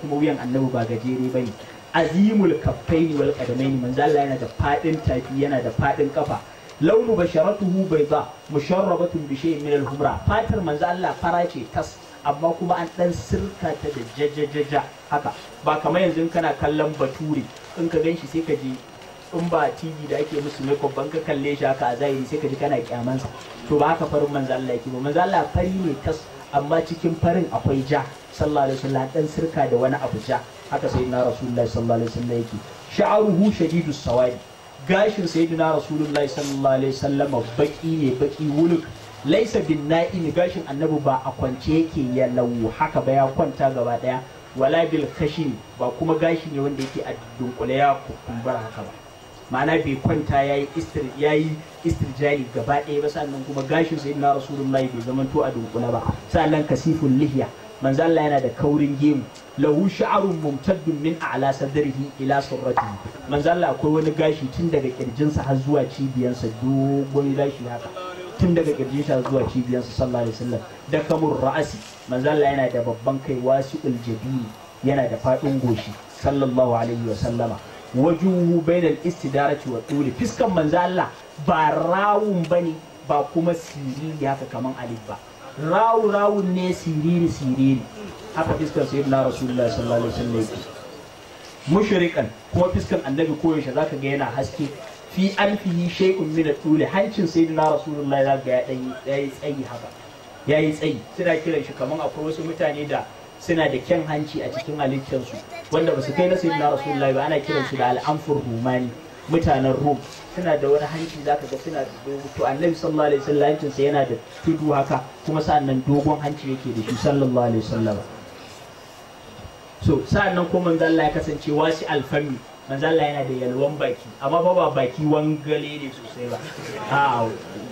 kuma wuyan annabi ba gajere bane azimul kaffaini wal qadamaini manzo yana da fadin tafi yana da fadin kafa launu basharatuhu bayda musharrabatun bi shay'in min al-humra fatar manzo Allah fara ce tas amma kuma an dan sirka ta da jajajaja haka ba kamar yanzu kana kallon bature in ka ganshi sai ka ji in ba TV da ake musu makeup ban ka kalle shi a zahiri sai ka ji kana kyamansa to ba haka farin manzo Allah yake ba manzo Allah fari ne tas amma cikin farin akwai ja sallallahu alaihi wasallam sirka da wani abu ja haka sai na rasulullahi sallallahu alaihi wasallam yake sha'aruhu shadidus sawadi gashin sayyidina rasulullahi sallallahu alaihi wasallam baki ne baki wuluk laisa bin na'imi gashin annabi ba a kwance yake ya lawo haka ba ya kwanta gaba daya wala bil kashin ba kuma gashin ne wanda yake a dunkule ya kumbura haka ba ma'ana bai kwanta yayi istir yayi istirjali gaba daya ba sannan kuma gashin sayyidina rasulullahi bai zamanto a dunkule ba sannan kasiful lihiya manzo Allah yana da kaurin gemu lahu sha'arun mumtaddun min a'la sadrihi ila surratihi manzo Allah akwai wani gashi tun daga kirjinsa har zuwa cibiyansa dogon gashi haka tun daga kirjinsa zuwa cibiyansa sallallahu alaihi wasallam da kamur ra'asi manzo Allah yana da babban kai wasu jabi yana da fadin goshi sallallahu alaihi wasallama wajuhu bainal istidarati wa tuli fiskan manzo Allah ba rawun bane ba kuma sirri haka kaman alif ba rawu rawu ne siriri siriri haka fiskar na rasulullahi sallallahu alaihi wasallam yake mushrikan kuma fiskan annabi koyaushe zaka ga yana haske fi alfihi shay'un min al tuli hancin na rasulullahi zaka ga ya dan tsayi haka yayi tsayi suna kiran shi kaman akwai wasu mutane da suna da kyan hanci a cikin halittarsu wanda ba su kai na sayyidina rasulullahi ba ana kiransu da al'amfur humani mutanen rum suna da wani hanci za ka ga suna to annabi sallallahu alaihi wasallam hancinsa yana da tudu haka kuma sa'annan dogon hanci yake da shi sallallahu alaihi wasallam so sa'annan ko manzo Allah ya kasance wasi alfami manzo Allah yana da yalwan baki amma ba ba baki wangale ne sosai ba a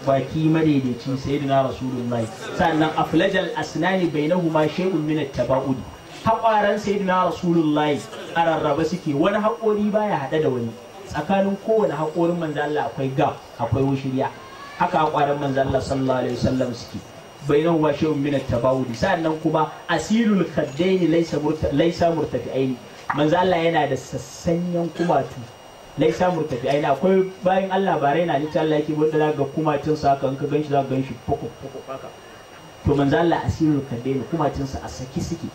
baki madaidaici sayyidina rasulullahi sa'annan aflajal asnani bainahuma shay'un min at-taba'ud haƙwaran sayyidina rasulullahi a rarraba suke wani haƙori baya haɗe da wani tsakanin kowane haƙorin manzo Allah akwai gab akwai wushiriya haka haƙorin manzo Allah sallallahu alaihi wasallam suke bainan wa shay'un min at-tabawud sannan kuma asilul khaddaini laysa laysa murtafi'aini manzo Allah yana da sassanyan kumatu laysa murtafi'aini akwai bayan Allah barai na litan Allah yake wanda ga kumatin sa haka in ka ganshi za ka ganshi poko poko haka to manzo Allah asilul khaddaini kumatin sa a saki suke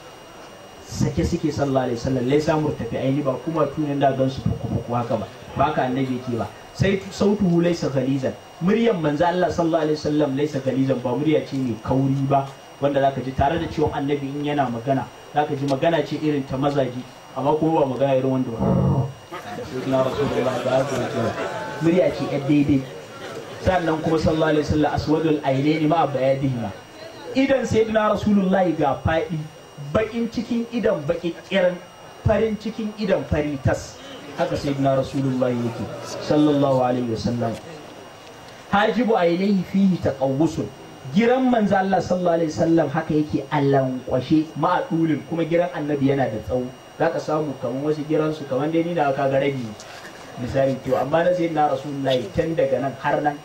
sake suke sallallahu alaihi wasallam laysa murtafi'aini tafi aini ba kumatu ne da gansu poko poko haka ba ba ka annabi ke ba sai sautuhu laisa khalizan muryan manzo Allah sallallahu alaihi wasallam laisa khalizan ba murya ce mai kauri ba wanda zaka ji tare da cewa annabi in yana magana zaka ji magana ce irin ta mazaji amma kuma ba magana irin wanda ba sayyidina rasulullahi ba ta ce murya ce yar daidai sannan kuma sallallahu alaihi wasallam aswadul ainaini ma bayadihima idan sayyidina rasulullahi ga fadi bakin cikin idan bakin kiran farin cikin idan fari tas haka sayyidina rasulullah yake sallallahu alaihi wasallam hajibu ainihi fihi taqawwusun giran manzo Allah sallallahu alaihi wasallam haka yake allan ma adulin kuma giran annabi yana da tsawo zaka samu kaman wasu giran su kaman dai ni da aka ga rabi misali to amma na sayyidina rasulullah tun daga nan har nan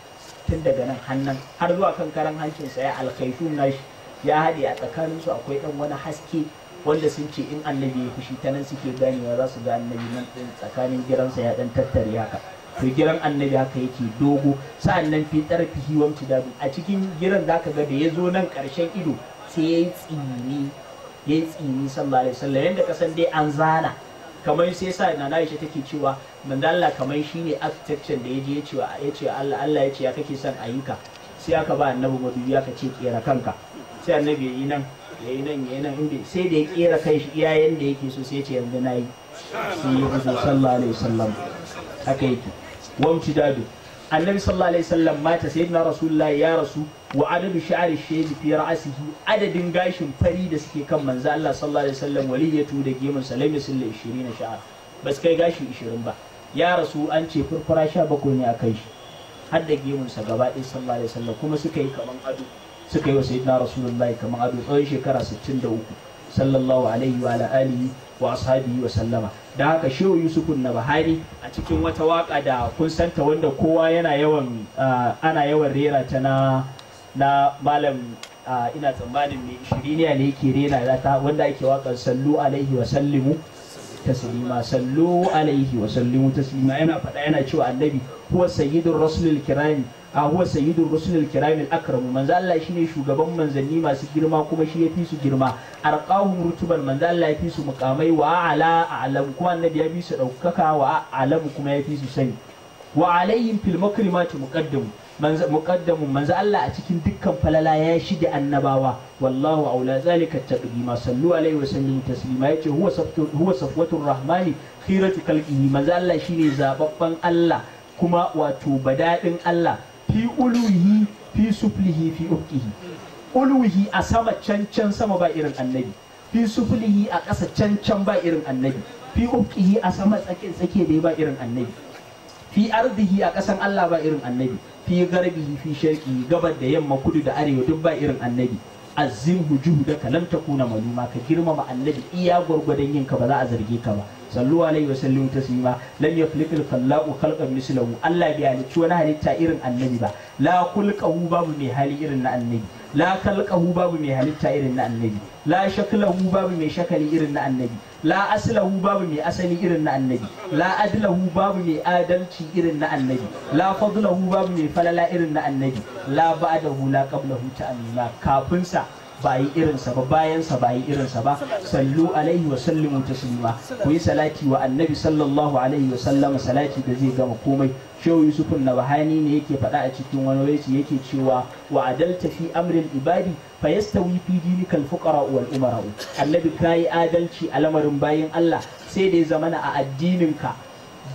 tun daga nan hannan har zuwa kan karan hancin sa ya alkhaifun nashi ya haɗe a tsakaninsu akwai ɗan wani haske wanda sun ce in annabi ya fushi ta nan suke ganewa za su ga annabi nan din tsakanin giransa ya dan tattare haka to giran annabi haka yake dogo sa'an nan fi tsarfi hiwam dadu a cikin giran zaka ga da ya zo nan karshen ido sai ya yi tsini ya yi tsini sallallahu alaihi wasallam kasan dai an zana kamar sai sa na Aisha take cewa manzo Allah kamar shine architecture da yaje ya wa yace Allah Allah ya ce ya kake son ayyuka sai aka ba annabi madubi ya ce kera kanka sai annabi ya nan yayi nan yayi nan inda sai da ya kera kai shi iya yanda yake so sai ce yanzu nayi sai ya zo sallallahu alaihi wasallam haka yake wamci dadu annabi sallallahu alaihi wasallam mata sayyidina rasulullahi ya rasu wa adadu sha'ari shaybi fi ra'sihi adadin gashin fari da suke kan manzo Allah sallallahu alaihi wasallam waliyatu da gemun salami sallallahu alaihi 20 sha'a bas kai gashi 20 ba ya rasu an ce furfura 17 ne a kai shi har da gemunsa gaba ɗaya sallallahu alaihi wasallam kuma suka yi kaman ado suka yi wa na rasulullahi kamar a dutsen shekara 63 sallallahu alaihi wa alihi wa ashabihi wa sallama da haka shehu Yusuf na bahari a cikin wata waka da kun santa wanda kowa yana yawan ana yawan rera ta na na malam ina tsammanin mai shirini ne yake rera ta wanda ake wakar sallu alaihi wa sallimu taslima sallu alaihi wa sallimu taslima yana faɗa yana cewa annabi huwa sayyidur rasulil kirami a huwa sayyidur rusulil kiramil akramu manzo Allah shine shugaban manzanni masu girma kuma shi yafi su girma arqahum rutuban manzo Allah yafi su muqamai wa ala a'lam kuma annabi yafi su daukaka wa a'lam kuma yafi su sani wa alayhim fil makrimati muqaddam manzo manzo Allah a cikin dukkan falala ya shige annabawa wallahu aula zalika taqdima sallu alaihi wa sallim taslima yace huwa safatu huwa safwatur rahmani khiratu kalqi manzo Allah shine zababban Allah kuma wato badadin Allah fi uluhi fi suflihi fi ukihi uluhi a sama can sama ba irin annabi fi suflihi a ƙasa can can ba irin annabi fi ukihi a sama tsakin tsake dai ba irin annabi fi ardihi a ƙasan Allah ba irin annabi fi garbihi fi sharqi gabar da yamma kudu da arewa duk ba irin annabi hujuhu da lam takuna maluma ka girmama annabi iya gwargwadon yinka ba za a zarge ka ba sallu alaihi wa sallimu taslima lam yakhliqil khallaqu khalqan mislahu Allah bai halicci wani halitta irin annabi ba la kulqahu babu mai hali irin na annabi la khalqahu babu mai halitta irin na annabi la shaklahu babu mai shakali irin na annabi la aslahu babu mai asali irin na annabi la adlahu babu mai adalci irin na annabi la fadlahu babu mai falala irin na annabi la ba'dahu la qablahu ta'amima kafin sa ba yi irinsa ba bayansa ba yi irinsa ba sallu alaihi wa sallimu taslima ku yi salati wa annabi sallallahu alaihi wa sallama salati da zai gama komai shehu yusuf na bahani ne yake faɗa a cikin wani wayaci yake cewa wa adalta fi amrin ibadi fa yastawi fi dinikal fuqara wal umara annabi kayi adalci a lamarin bayin Allah sai da ya zamana a addinin ka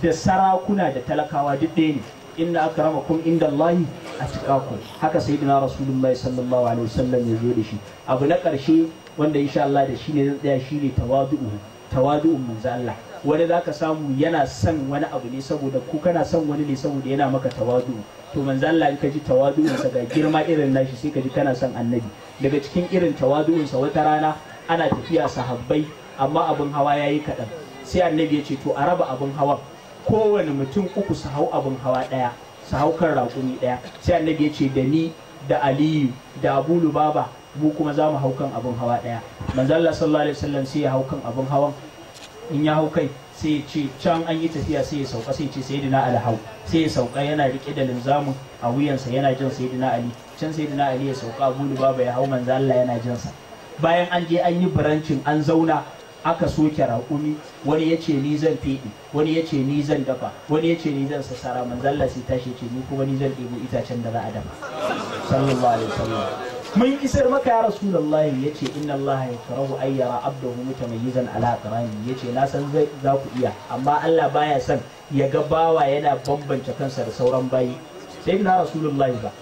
da sarakuna da talakawa duk ɗaya ne inna akramakum indallahi atqakum haka sayyidina rasulullahi sallallahu alaihi wasallam ya zo da shi abu na karshe wanda insha Allah da shine zan tsaya shine tawadu'u tawadu'un manzo Allah wani zaka samu yana son wani abu ne saboda ko kana son wani ne saboda yana maka tawadu'u to manzo Allah in ka ji tawadu'un sa ga girma irin nashi sai ka ji kana son annabi daga cikin irin tawadu'un sa wata rana ana tafiya sahabbai amma abin hawa yayi kaɗan sai annabi ya ce to a raba abin hawan kowane mutum uku su hau abin hawa ɗaya su hau kan raƙumi ɗaya sai annabi ya ce da ni da aliyu da abu lubaba mu kuma za mu hau kan abin hawa ɗaya manzo Allah sallallahu alaihi wasallam sai ya hau kan abin hawan in ya hau kai sai ya ce can an yi tafiya sai ya sauka sai ya ce sayyidina ali hau sai ya sauka yana rike da linzamin a wuyansa yana jin sayyidina ali can sayyidina ali ya sauka abu lubaba ya hau manzo Allah yana sa bayan an je an yi barancin an zauna aka soke raƙumi wani ya ce ni zan fiɗi wani ya ce ni zan dafa wani ya ce ni zan sassara manzalla sai tashi ce ni kuma ni zan ɗebo itacen da za a dafa sallallahu alaihi wasallam mun isar maka ya rasulullahi ya ce inna allaha ya karahu ayyara abdahu mutamayyizan ala qarani ya ce na san zai za ku iya amma Allah baya son ya ga bawa yana bambance kansa da sauran bayi sai na rasulullahi ba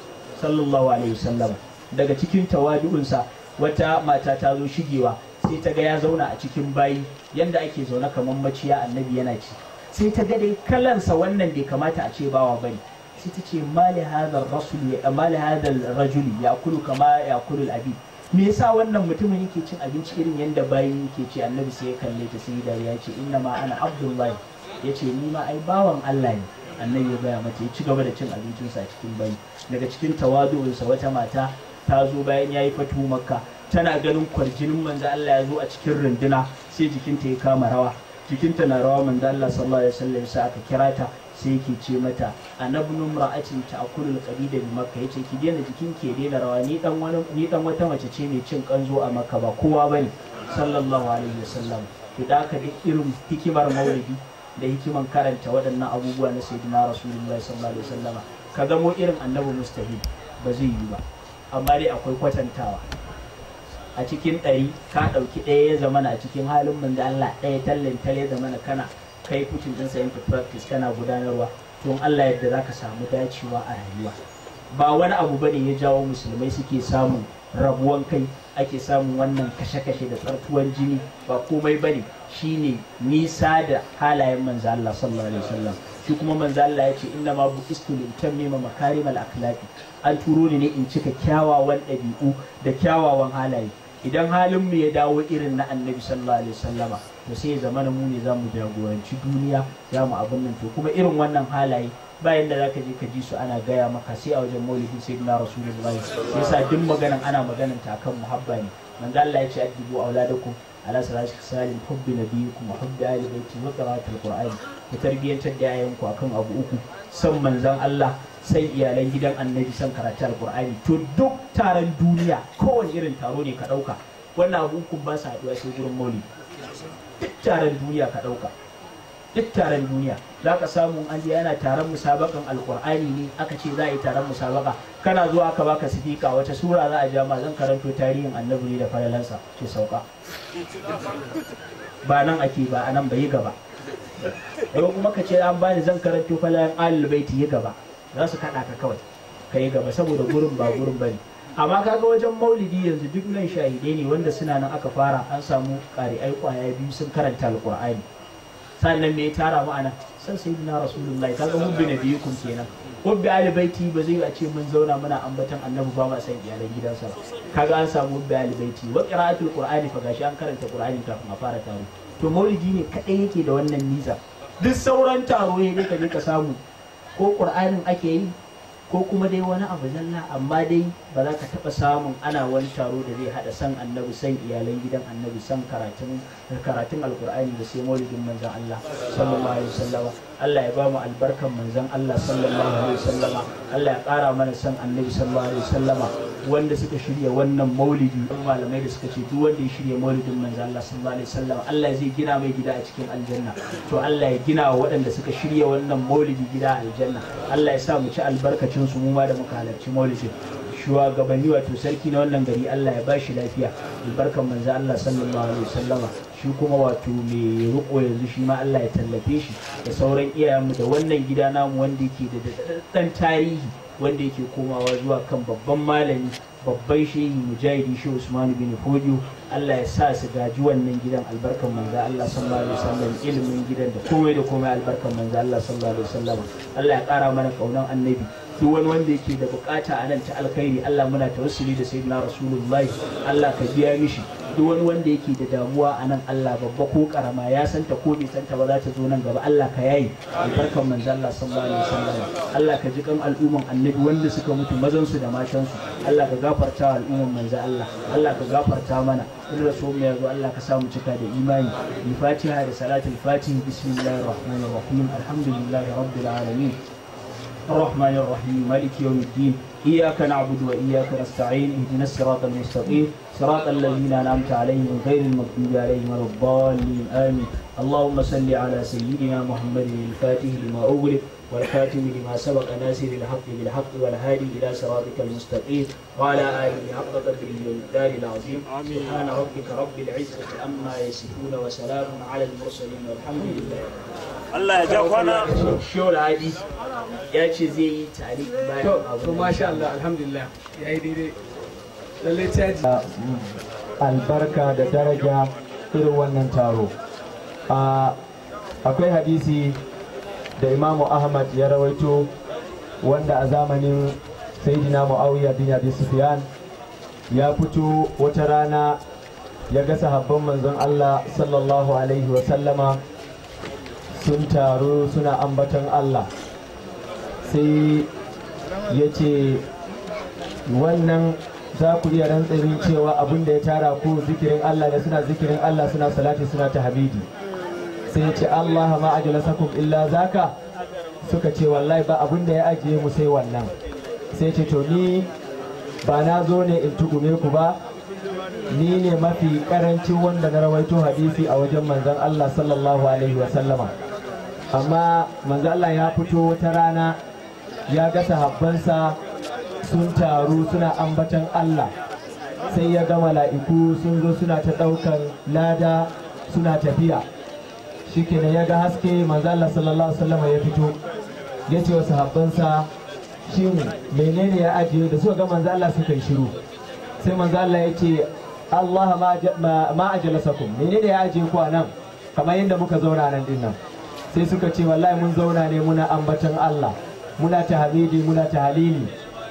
sallallahu alaihi wasallam daga cikin tawadu'unsa wata mata ta zo shigewa sai ta ga ya zauna a cikin bayi yanda ake zaune kamar maciya annabi yana ci sai ta ga dai kalansa wannan bai kamata a ce bawa bane sai ta ce mali hadha rasul ya mali rajul ya kulu kama kulu abi me yasa wannan mutumin yake cin abinci irin yanda bayi yake ci annabi sai ya kalle ta sai da ya ce inna ma ana abdullahi yace ni ma ai bawan Allah ne annabi ya gaya mata ya ci gaba da cin abincinsa a cikin bayi daga cikin tawadu'insa wata mata ta zo bayan ya yi fatu makka tana ganin kwarjinin manzo Allah ya zo a cikin runduna sai jikinta ya kama rawa jikinta na rawa manzo Allah sallallahu alaihi wasallam sai aka kira ta sai yake ce mata anabnu ra'atin ta'kulu al-qabida bi makka yace ki daina jikin ke daina rawa ni dan wani ni dan wata mace ce mai cin kanzo a makka ba kowa bane sallallahu alaihi wasallam to da duk irin hikimar maulidi da hikiman karanta waɗannan abubuwa na sayyidina rasulullahi sallallahu alaihi wasallama ka gamo irin annabi mustahid ba zai yi ba amma dai akwai kwatantawa a cikin ɗari ka ɗauki ɗaya ya zamana a cikin halin manzo Allah ɗaya tallan tare da mana kana kai kucin din sa into practice kana gudanarwa to Allah yadda zaka samu dacewa a rayuwa ba wani abu bane ya jawo musulmai suke samun rabuwan kai ake samun wannan kashe-kashe da tsartuwan jini ba komai bane shine nisa da halayen manzo Allah sallallahu alaihi wasallam shi kuma manzo Allah ya ce inna ma buqistu li utammima makarimal akhlaqi an turo ni ne in cika kyawawan ɗabi'u da kyawawan halaye idan halin mu ya dawo irin na annabi sallallahu alaihi wasallama to sai ya zama mu ne zamu jagoranci duniya zamu abin nan to kuma irin wannan halaye bayan da zaka je ka ji su ana gaya maka sai a wajen maulidin sayyidina rasulullahi sai sa duk maganan ana maganan ta kan muhabba ne manzo Allah ya ce addibu auladakum ala salati salim hubbi nabiyikum wa hubbi ahli baiti wa qira'atul qur'an ku tarbiyantar da yayanku akan abu uku san manzon Allah san iyalan gidan annabi san karatu alkur'ani to duk taron duniya kowane irin taro ne ka ɗauka wannan kun ba su haɗuwa sai gurin mauli duk taron duniya ka ɗauka duk taron duniya za ka samu an yi ana taron musabakan alqur'ani ne aka ce za a yi taron musabaka kana zuwa aka baka sidika wata sura za a ja ma zan karanto tarihin annabi ne da falalansa ce sauka ba nan ake ba a nan bai gaba yau kuma ka ce an bani zan karanto falalan alul yi gaba za su kaɗa ka kawai ka yi gaba saboda gurin ba gurin bane amma kaga wajen maulidi yanzu duk nan shahidai ne wanda suna nan aka fara an samu ƙari'ai ƙwaya biyu sun karanta alƙur'ani sannan me ya tara mu anan san sai na rasulullahi kaga hubbi na biyu kun kenan hubbi ali ba zai a ce mun zauna muna ambatan annabi ba ma san iyalan gidansa ba kaga an samu hubbi ali baiti wa qira'atul qur'ani fa gashi an karanta qur'ani kafin a fara taro to maulidi ne kadai yake da wannan niza duk sauran taro ne ka ka samu ko ƙur'anin ake yi ko kuma dai wani abu zalla amma dai ba za ka taɓa samun ana wani taro da zai haɗa san annabi san iyalan gidan annabi san karatun karatun alkur'ani da sai maulidin manzon Allah sallallahu alaihi wasallama Allah ya ba mu albarkan manzon Allah sallallahu alaihi wasallama Allah ya ƙara mana san annabi sallallahu alaihi wasallama wanda suka shirya wannan maulidi malamai da suka ce duk wanda ya shirya maulidin manzon Allah sallallahu alaihi wasallama Allah zai gina mai gida a cikin aljanna to Allah ya gina wa waɗanda suka shirya wannan maulidi gida a aljanna Allah ya sa mu ci albarkacin su mu ma da muka halarci maulidin shugabanni wato sarki na wannan gari Allah ya bashi lafiya albarkan manzo Allah sallallahu alaihi wasallama shi kuma wato mai riko yanzu shi ma Allah ya tallafe shi da sauran iyayenmu da wannan gida namu wanda yake da daɗaɗɗen tarihi wanda yake komawa zuwa kan babban malami babban shehi mujahidi shi usman bin fodiyo allah ya sa su gaji wannan gidan albarkan manzo allah sallallahu alaihi wasallam ilimin gidan da komai da komai albarkan manzo allah sallallahu alaihi wasallam allah ya kara mana kaunan annabi duk wani wanda yake da bukata a nan ta alkhairi Allah muna tawassuli da na rasulullahi Allah ka biya mishi duk wani wanda yake da damuwa a nan Allah babba ko karama ya santa ko bai santa ba za ta zo nan gaba Allah ka yayi albarkar manzo Allah sallallahu alaihi wasallam Allah ka ji kan al'umman annabi wanda suka mutu mazan su da matan su Allah ka gafarta al'umman manzo Allah Allah ka gafarta mana in rasu mu yazo Allah ka samu cika da imani bi fatiha da salatul fatihi bismillahir rahmanir rahim alhamdulillahi rabbil alamin الرحمن الرحيم مالك يوم الدين إياك نعبد وإياك نستعين اهدنا الصراط المستقيم صراط الذين أنعمت عليهم غير المغضوب عليهم ولا الضالين آمين اللهم صل على سيدنا محمد الفاتح لما أغلق والخاتم لما سبق ناسر الحق بالحق والهادي إلى صراطك المستقيم وعلى آله حق قدره والدار العظيم سبحان ربك رب العزة عما يصفون وسلام على المرسلين والحمد لله Allah ya ja kwana shiyo hadi ya ce zai yi tare bayan abu to masha Allah alhamdulillah ya yi daidai lalle caji ah, mm, albarka da daraja irin wannan taro ah, akwai hadisi da imamu ahmad ya rawaito wanda a zamanin saidina muawiya bin abi sufyan ya fito wata rana ya ga sahabban manzon Allah sallallahu alaihi wa sallama sun taru suna ambaton Allah sai ya ce wannan za ku iya rantsarin cewa abin da ya tara ku zikirin Allah da suna zikirin Allah suna salati suna tahmidi sai ya ce Allah ma ajalasakum illa zaka suka ce wallahi ba abin da ya ajiye mu sai wannan sai ce to ni ba na zo ne in tugume ku ba ni ne mafi karancin wanda na rawaito hadisi a wajen manzan Allah sallallahu alaihi wa amma manzo Allah ya fito wata rana ya ga sahabbansa sun taru suna ambatan Allah sai ya ga mala'iku sun zo suna ta ɗaukan lada suna tafiya shikenan ya ga haske manzo Allah sallallahu alaihi wasallam ya fito ya ce wa sahabbansa shin menene ya ajiye da suka ga manzo Allah suka yi shiru sai manzo Allah ya ce Allah ma ajalasakum menene ya ajiye ku nan kamar yadda muka zauna nan din nan sai suka ce wallahi mun zauna ne muna ambaton Allah muna ta hamidi muna ta halili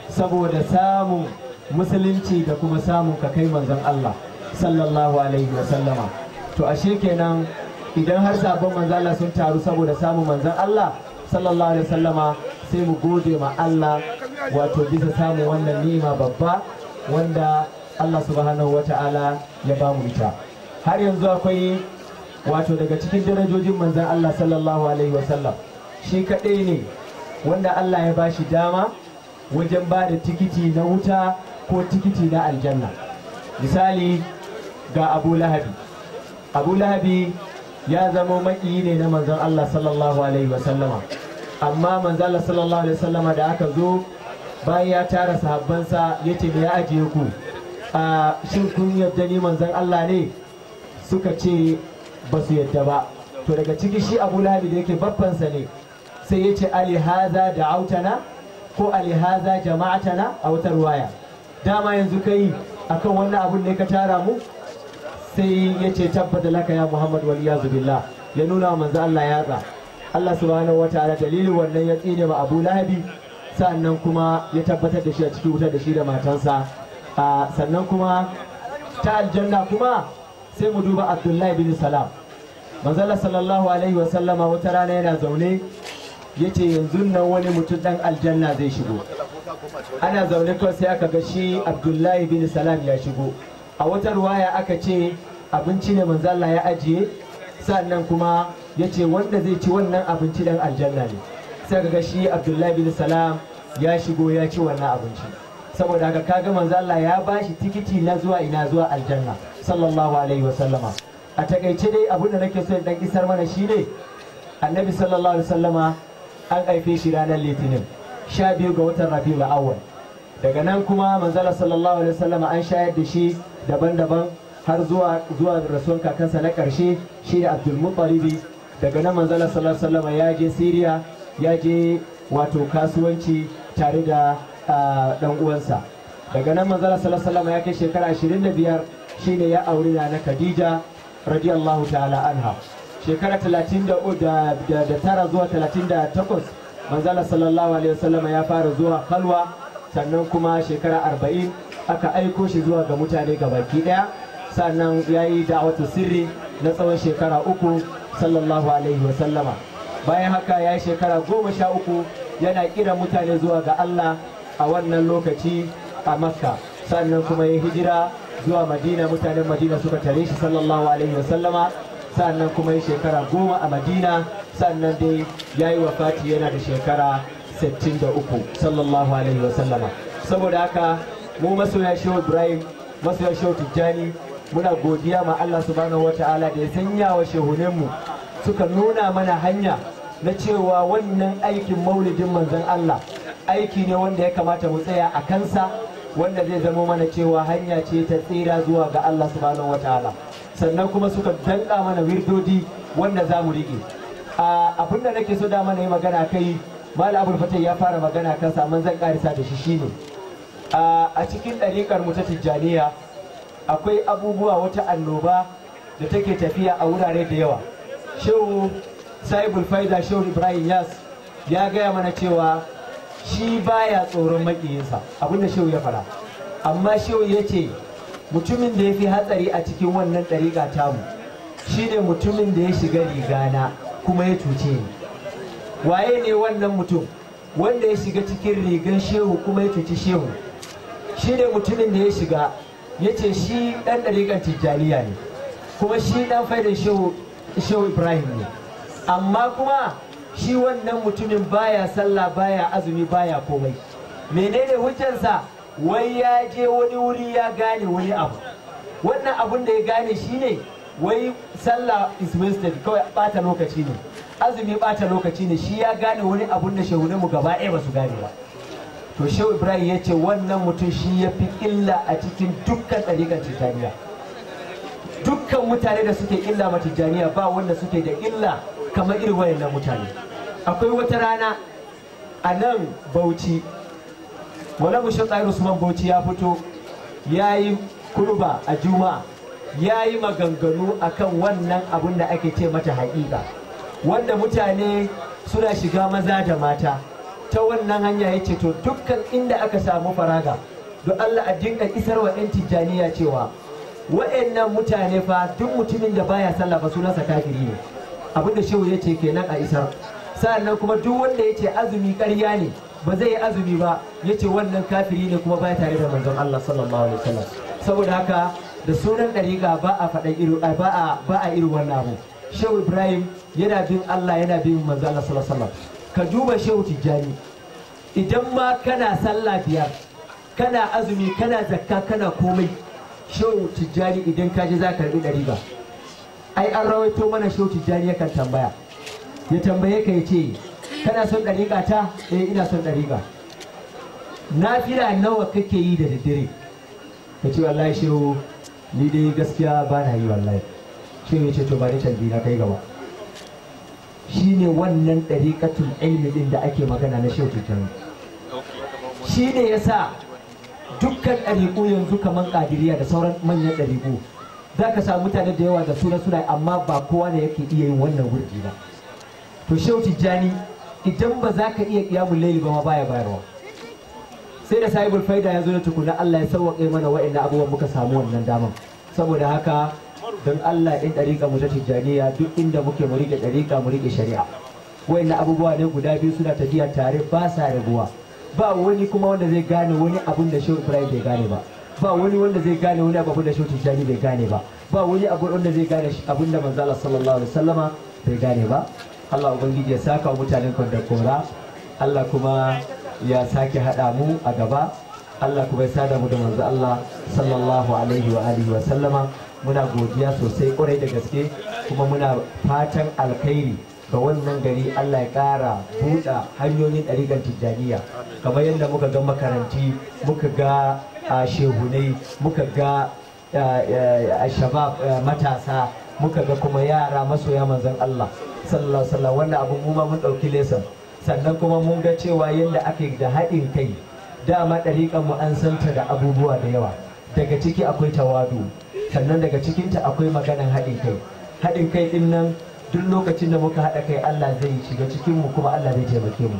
saboda samun musulunci da kuma samun ka kai manzon Allah sallallahu alaihi wa sallama to ashe kenan idan har sabon manzon Allah sun taru saboda samun manzon Allah sallallahu alaihi wa sallama sai mu gode ma Allah wato bisa samun wannan ni'ima babba wanda Allah subhanahu wa ta'ala ya mu ita har yanzu akwai wato daga cikin darajojin manzan Allah sallallahu alaihi wasallam shi kaɗai ne wanda Allah ya bashi dama wajen ba da tikiti na wuta ko tikiti na aljanna misali ga abu lahabi abu lahabi ya zama maƙiyi ne na manzan Allah sallallahu alaihi wasallam amma manzan Allah sallallahu alaihi wasallam da aka zo bayan ya tara sahabbansa ya ce ya ajiye ku a shin kun yarda ni manzan Allah ne suka ce ba su yadda ba to daga ciki shi abu lahabi da yake babbansa ne sai ya ce alihaza da autana ko alihaza jama'atana a wata ruwaya dama yanzu kai akan wannan abun ne ka tara mu sai ya ce tabbata laka ya muhammad waliyazu billah ya nuna wa manzo Allah tsa Allah subhanahu wataala dalilin wannan ya tsine ma abu lahabi sannan kuma ya tabbatar da shi a cikin wuta da shi da matansa ah, sannan kuma ta aljanna kuma sai mu duba abdullahi bin salam manzala sallallahu alaihi sallama wata rana yana zaune ya ce yanzu nan wani mutum dan aljanna zai shigo ana zaune kawai sai aka ga shi abdullahi bin salam ya shigo a wata ruwaya aka ce abinci ne manzala ya ajiye sannan kuma yace wanda zai ci wannan abinci dan aljanna ne sai aka ga shi abdullahi bin salam ya shigo ya ci wannan abinci saboda haka kaga manzala ya bashi tikiti na zuwa ina zuwa aljanna sallallahu alaihi wasallama a takaice dai abin da nake so in dan isar mana shine annabi sallallahu alaihi wasallama an haife shi ranar litinin sha biyu ga watan rabiul awwal daga nan kuma manzala sallallahu alaihi wasallama an shayar da shi daban-daban har zuwa zuwa rasuwan kakansa na karshe shine abdul muttalibi daga nan manzala sallallahu alaihi wasallama ya je siriya ya je wato kasuwanci tare da dan ah, uwansa daga nan manzala sallallahu alaihi wasallama ya kai shekara 25 shine ya aure na na Khadija radiyallahu ta'ala anha shekara 30 da tara zuwa 38 manzala sallallahu alaihi wasallam ya fara zuwa halwa sannan kuma shekara 40 aka aiko shi zuwa ga mutane gabaki daya sannan ya yi da'awatu sirri na tsawon shekara uku sallallahu alaihi wasallama bayan haka ya yi shekara goma sha uku yana kira mutane zuwa ga Allah a wannan lokaci a makka sannan kuma ya hijira zuwa madina mutanen madina suka tare shi sallallahu alaihi wasallama sannan kuma ya shekara goma a madina sannan dai ya yi wafati yana da shekara 63 sallallahu alaihi wasallama saboda haka mu masoya shehu ibrahim masoya shehu tijjani muna godiya ma allah subhanahu ta'ala da ya sanya wa shehunenmu suka nuna mana hanya na cewa wannan aikin maulidin manzon allah aiki ne wanda ya kamata mu tsaya a kansa wanda zai zama mana cewa hanya ce ta tsira zuwa ga Allah subhanahu wataala sannan kuma suka danka mana wirdodi wanda za mu rike abin da nake so da mana yi magana kai malam abul ya fara magana kan saman zan karisa da shi shine a cikin dariƙar mu ta tijjaniya akwai abubuwa wata annoba da take tafiya a wurare da yawa shehu sahibul faida shehu ibrahim yas ya gaya mana cewa shi baya tsoron makiyinsa abinda shehu ya fara amma shehu ya ce mutumin da ya fi hatsari a cikin wannan ɗariƙa tamu ne mutumin da ya shiga rigana kuma ya cuce ni waye ne wannan mutum wanda ya shiga cikin rigan shehu kuma ya cuci shehu shi ne mutumin da ya shiga ya ce shi ɗan ɗariƙan tijjaniya ne kuma shi ɗan faidan shehu ibrahim ne amma kuma shi wannan mutumin baya sallah baya azumi baya komai menene hujjansa wai ya je wani wuri ya gane wani abu wannan abun da ya gane shine wai sallah is wasted kawai bata lokaci ne azumi bata lokaci ne shi ya gane wani abun da shehunan mu gaba ɗaya ba gane ba to shehu ibrahim ya ce wannan mutum shi ya fi illa a cikin dukkan ɗariƙar tijjaniya dukkan mutane da suke illa ma ba wanda suke da illa kamar irin wayannan mutane akwai wata rana a nan bauchi wani mushin tsari usman bauchi ya fito ya yi kurba a juma'a ya yi maganganu kan wannan abun da ake ce mata haƙiƙa wanda mutane suna shiga maza da mata ta wannan hanya ya ce to dukkan inda aka samu faraga don Allah a dinga isar wa 'yan tijjaniya cewa wa'annan mutane fa duk mutumin da baya sallah ba sunansa kafiri ne abinda shehu ya ce kenan a isar sa'annan kuma duk wanda ya ce azumi ƙarya ne ba zai yi azumi ba ya ce wannan kafiri ne kuma ba tare da manzon Allah sallallahu alaihi wasallam saboda haka da sunan ɗariƙa ba a faɗa iru ba a ba a irin wannan abu shehu ibrahim yana bin Allah yana bin manzon Allah sallallahu alaihi wasallam ka duba shehu tijjani idan ma kana sallah biyar kana azumi kana zakka kana komai shehu tijjani idan ka je za ka karɓi ɗariƙa ai an rawaito mana shehu tijjani yakan tambaya ya tambaye ka ya ce kana son ɗariƙa ta eh ina son ɗariƙa nafila nawa kake yi da daddare ka ce wallahi shehu ni dai gaskiya ba na yi wallahi shi ya ce to ba ni canji na kai gaba Shi ne wannan ɗariƙatul ilmi ɗin da ake magana na shehu tijjani shi ne yasa dukkan ɗariƙu yanzu kamar ƙadiriya da sauran manyan ɗariƙu za ka samu mutane da yawa da suna suna amma ba kowa ne yake iya yin wannan wurgi ba to shehu tijjani idan ba za ka iya kiyamun laili ba ma baya bayarwa sai da sahibul faida ya zo da tukuna Allah ya sauwaƙe mana wa'annan abubuwan muka samu wannan daman saboda haka don Allah in ɗariƙa mu ta tijjaniya duk inda muke mu riƙe ɗariƙa mu riƙe shari'a wa'annan abubuwa ne guda biyu suna tafiya tare ba sa raguwa ba wani kuma wanda zai gane wani abun da shehu ibrahim bai gane ba ba wani wanda zai gane wani abu da shautin shani bai gane ba ba wani abu wanda zai gane abin da Manzala sallallahu alaihi wasallama bai gane ba Allah ubangiji ya saka wa mutanen da kora Allah kuma ya sake hada mu a gaba Allah kuma ya sada mu da manzo Allah sallallahu alaihi wa alihi wa sallama muna godiya sosai kwarai da gaske kuma muna fatan alkhairi ga wannan gari Allah ya ƙara buɗa hanyoyin ɗarigan tijjaniya kamar yadda muka ga makaranti muka ga A shehunai muka ga shabab matasa muka ga kuma yara masoya manzan Allah sallallahu alaihi wannan abu mu mun dauki lesson sannan kuma mun ga cewa yadda ake da haɗin kai dama ɗariƙan mu an santa da abubuwa da yawa daga ciki akwai tawadu sannan daga cikinta akwai maganan haɗin kai haɗin kai ɗin nan duk lokacin da muka haɗa kai Allah zai shiga cikin mu kuma Allah zai taimake mu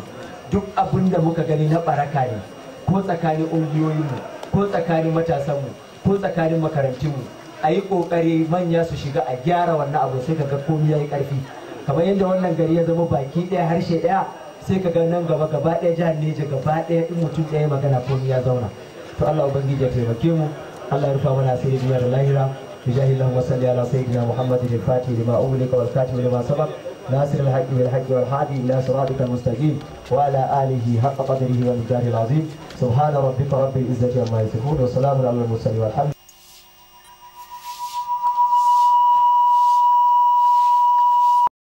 duk abin da muka gani na baraka ne ko tsakanin ƙungiyoyin mu ko tsakanin matasanmu ko tsakanin makarantunmu a yi ƙoƙari manya su shiga a gyara wannan abu sai kaga komi ya yi ƙarfi kamar yadda wannan gari ya zama baki ɗaya harshe ɗaya sai kaga nan gaba gaba ɗaya jihar Neja gaba ɗaya in mutum ɗaya magana komi ya zauna to Allah ubangiji ya taimake mu Allah ya rufa mana asiri biyar da lahira بجاه اللهم صل على سيدنا محمد الفاتح لما wal والكاتب لما sabab ناصر الحق بالحق والحادي الى صراطك المستقيم وعلى اله حق قدره ومقداره العظيم سبحان ربك رب العزه عما يصفون وسلام على المرسلين والحمد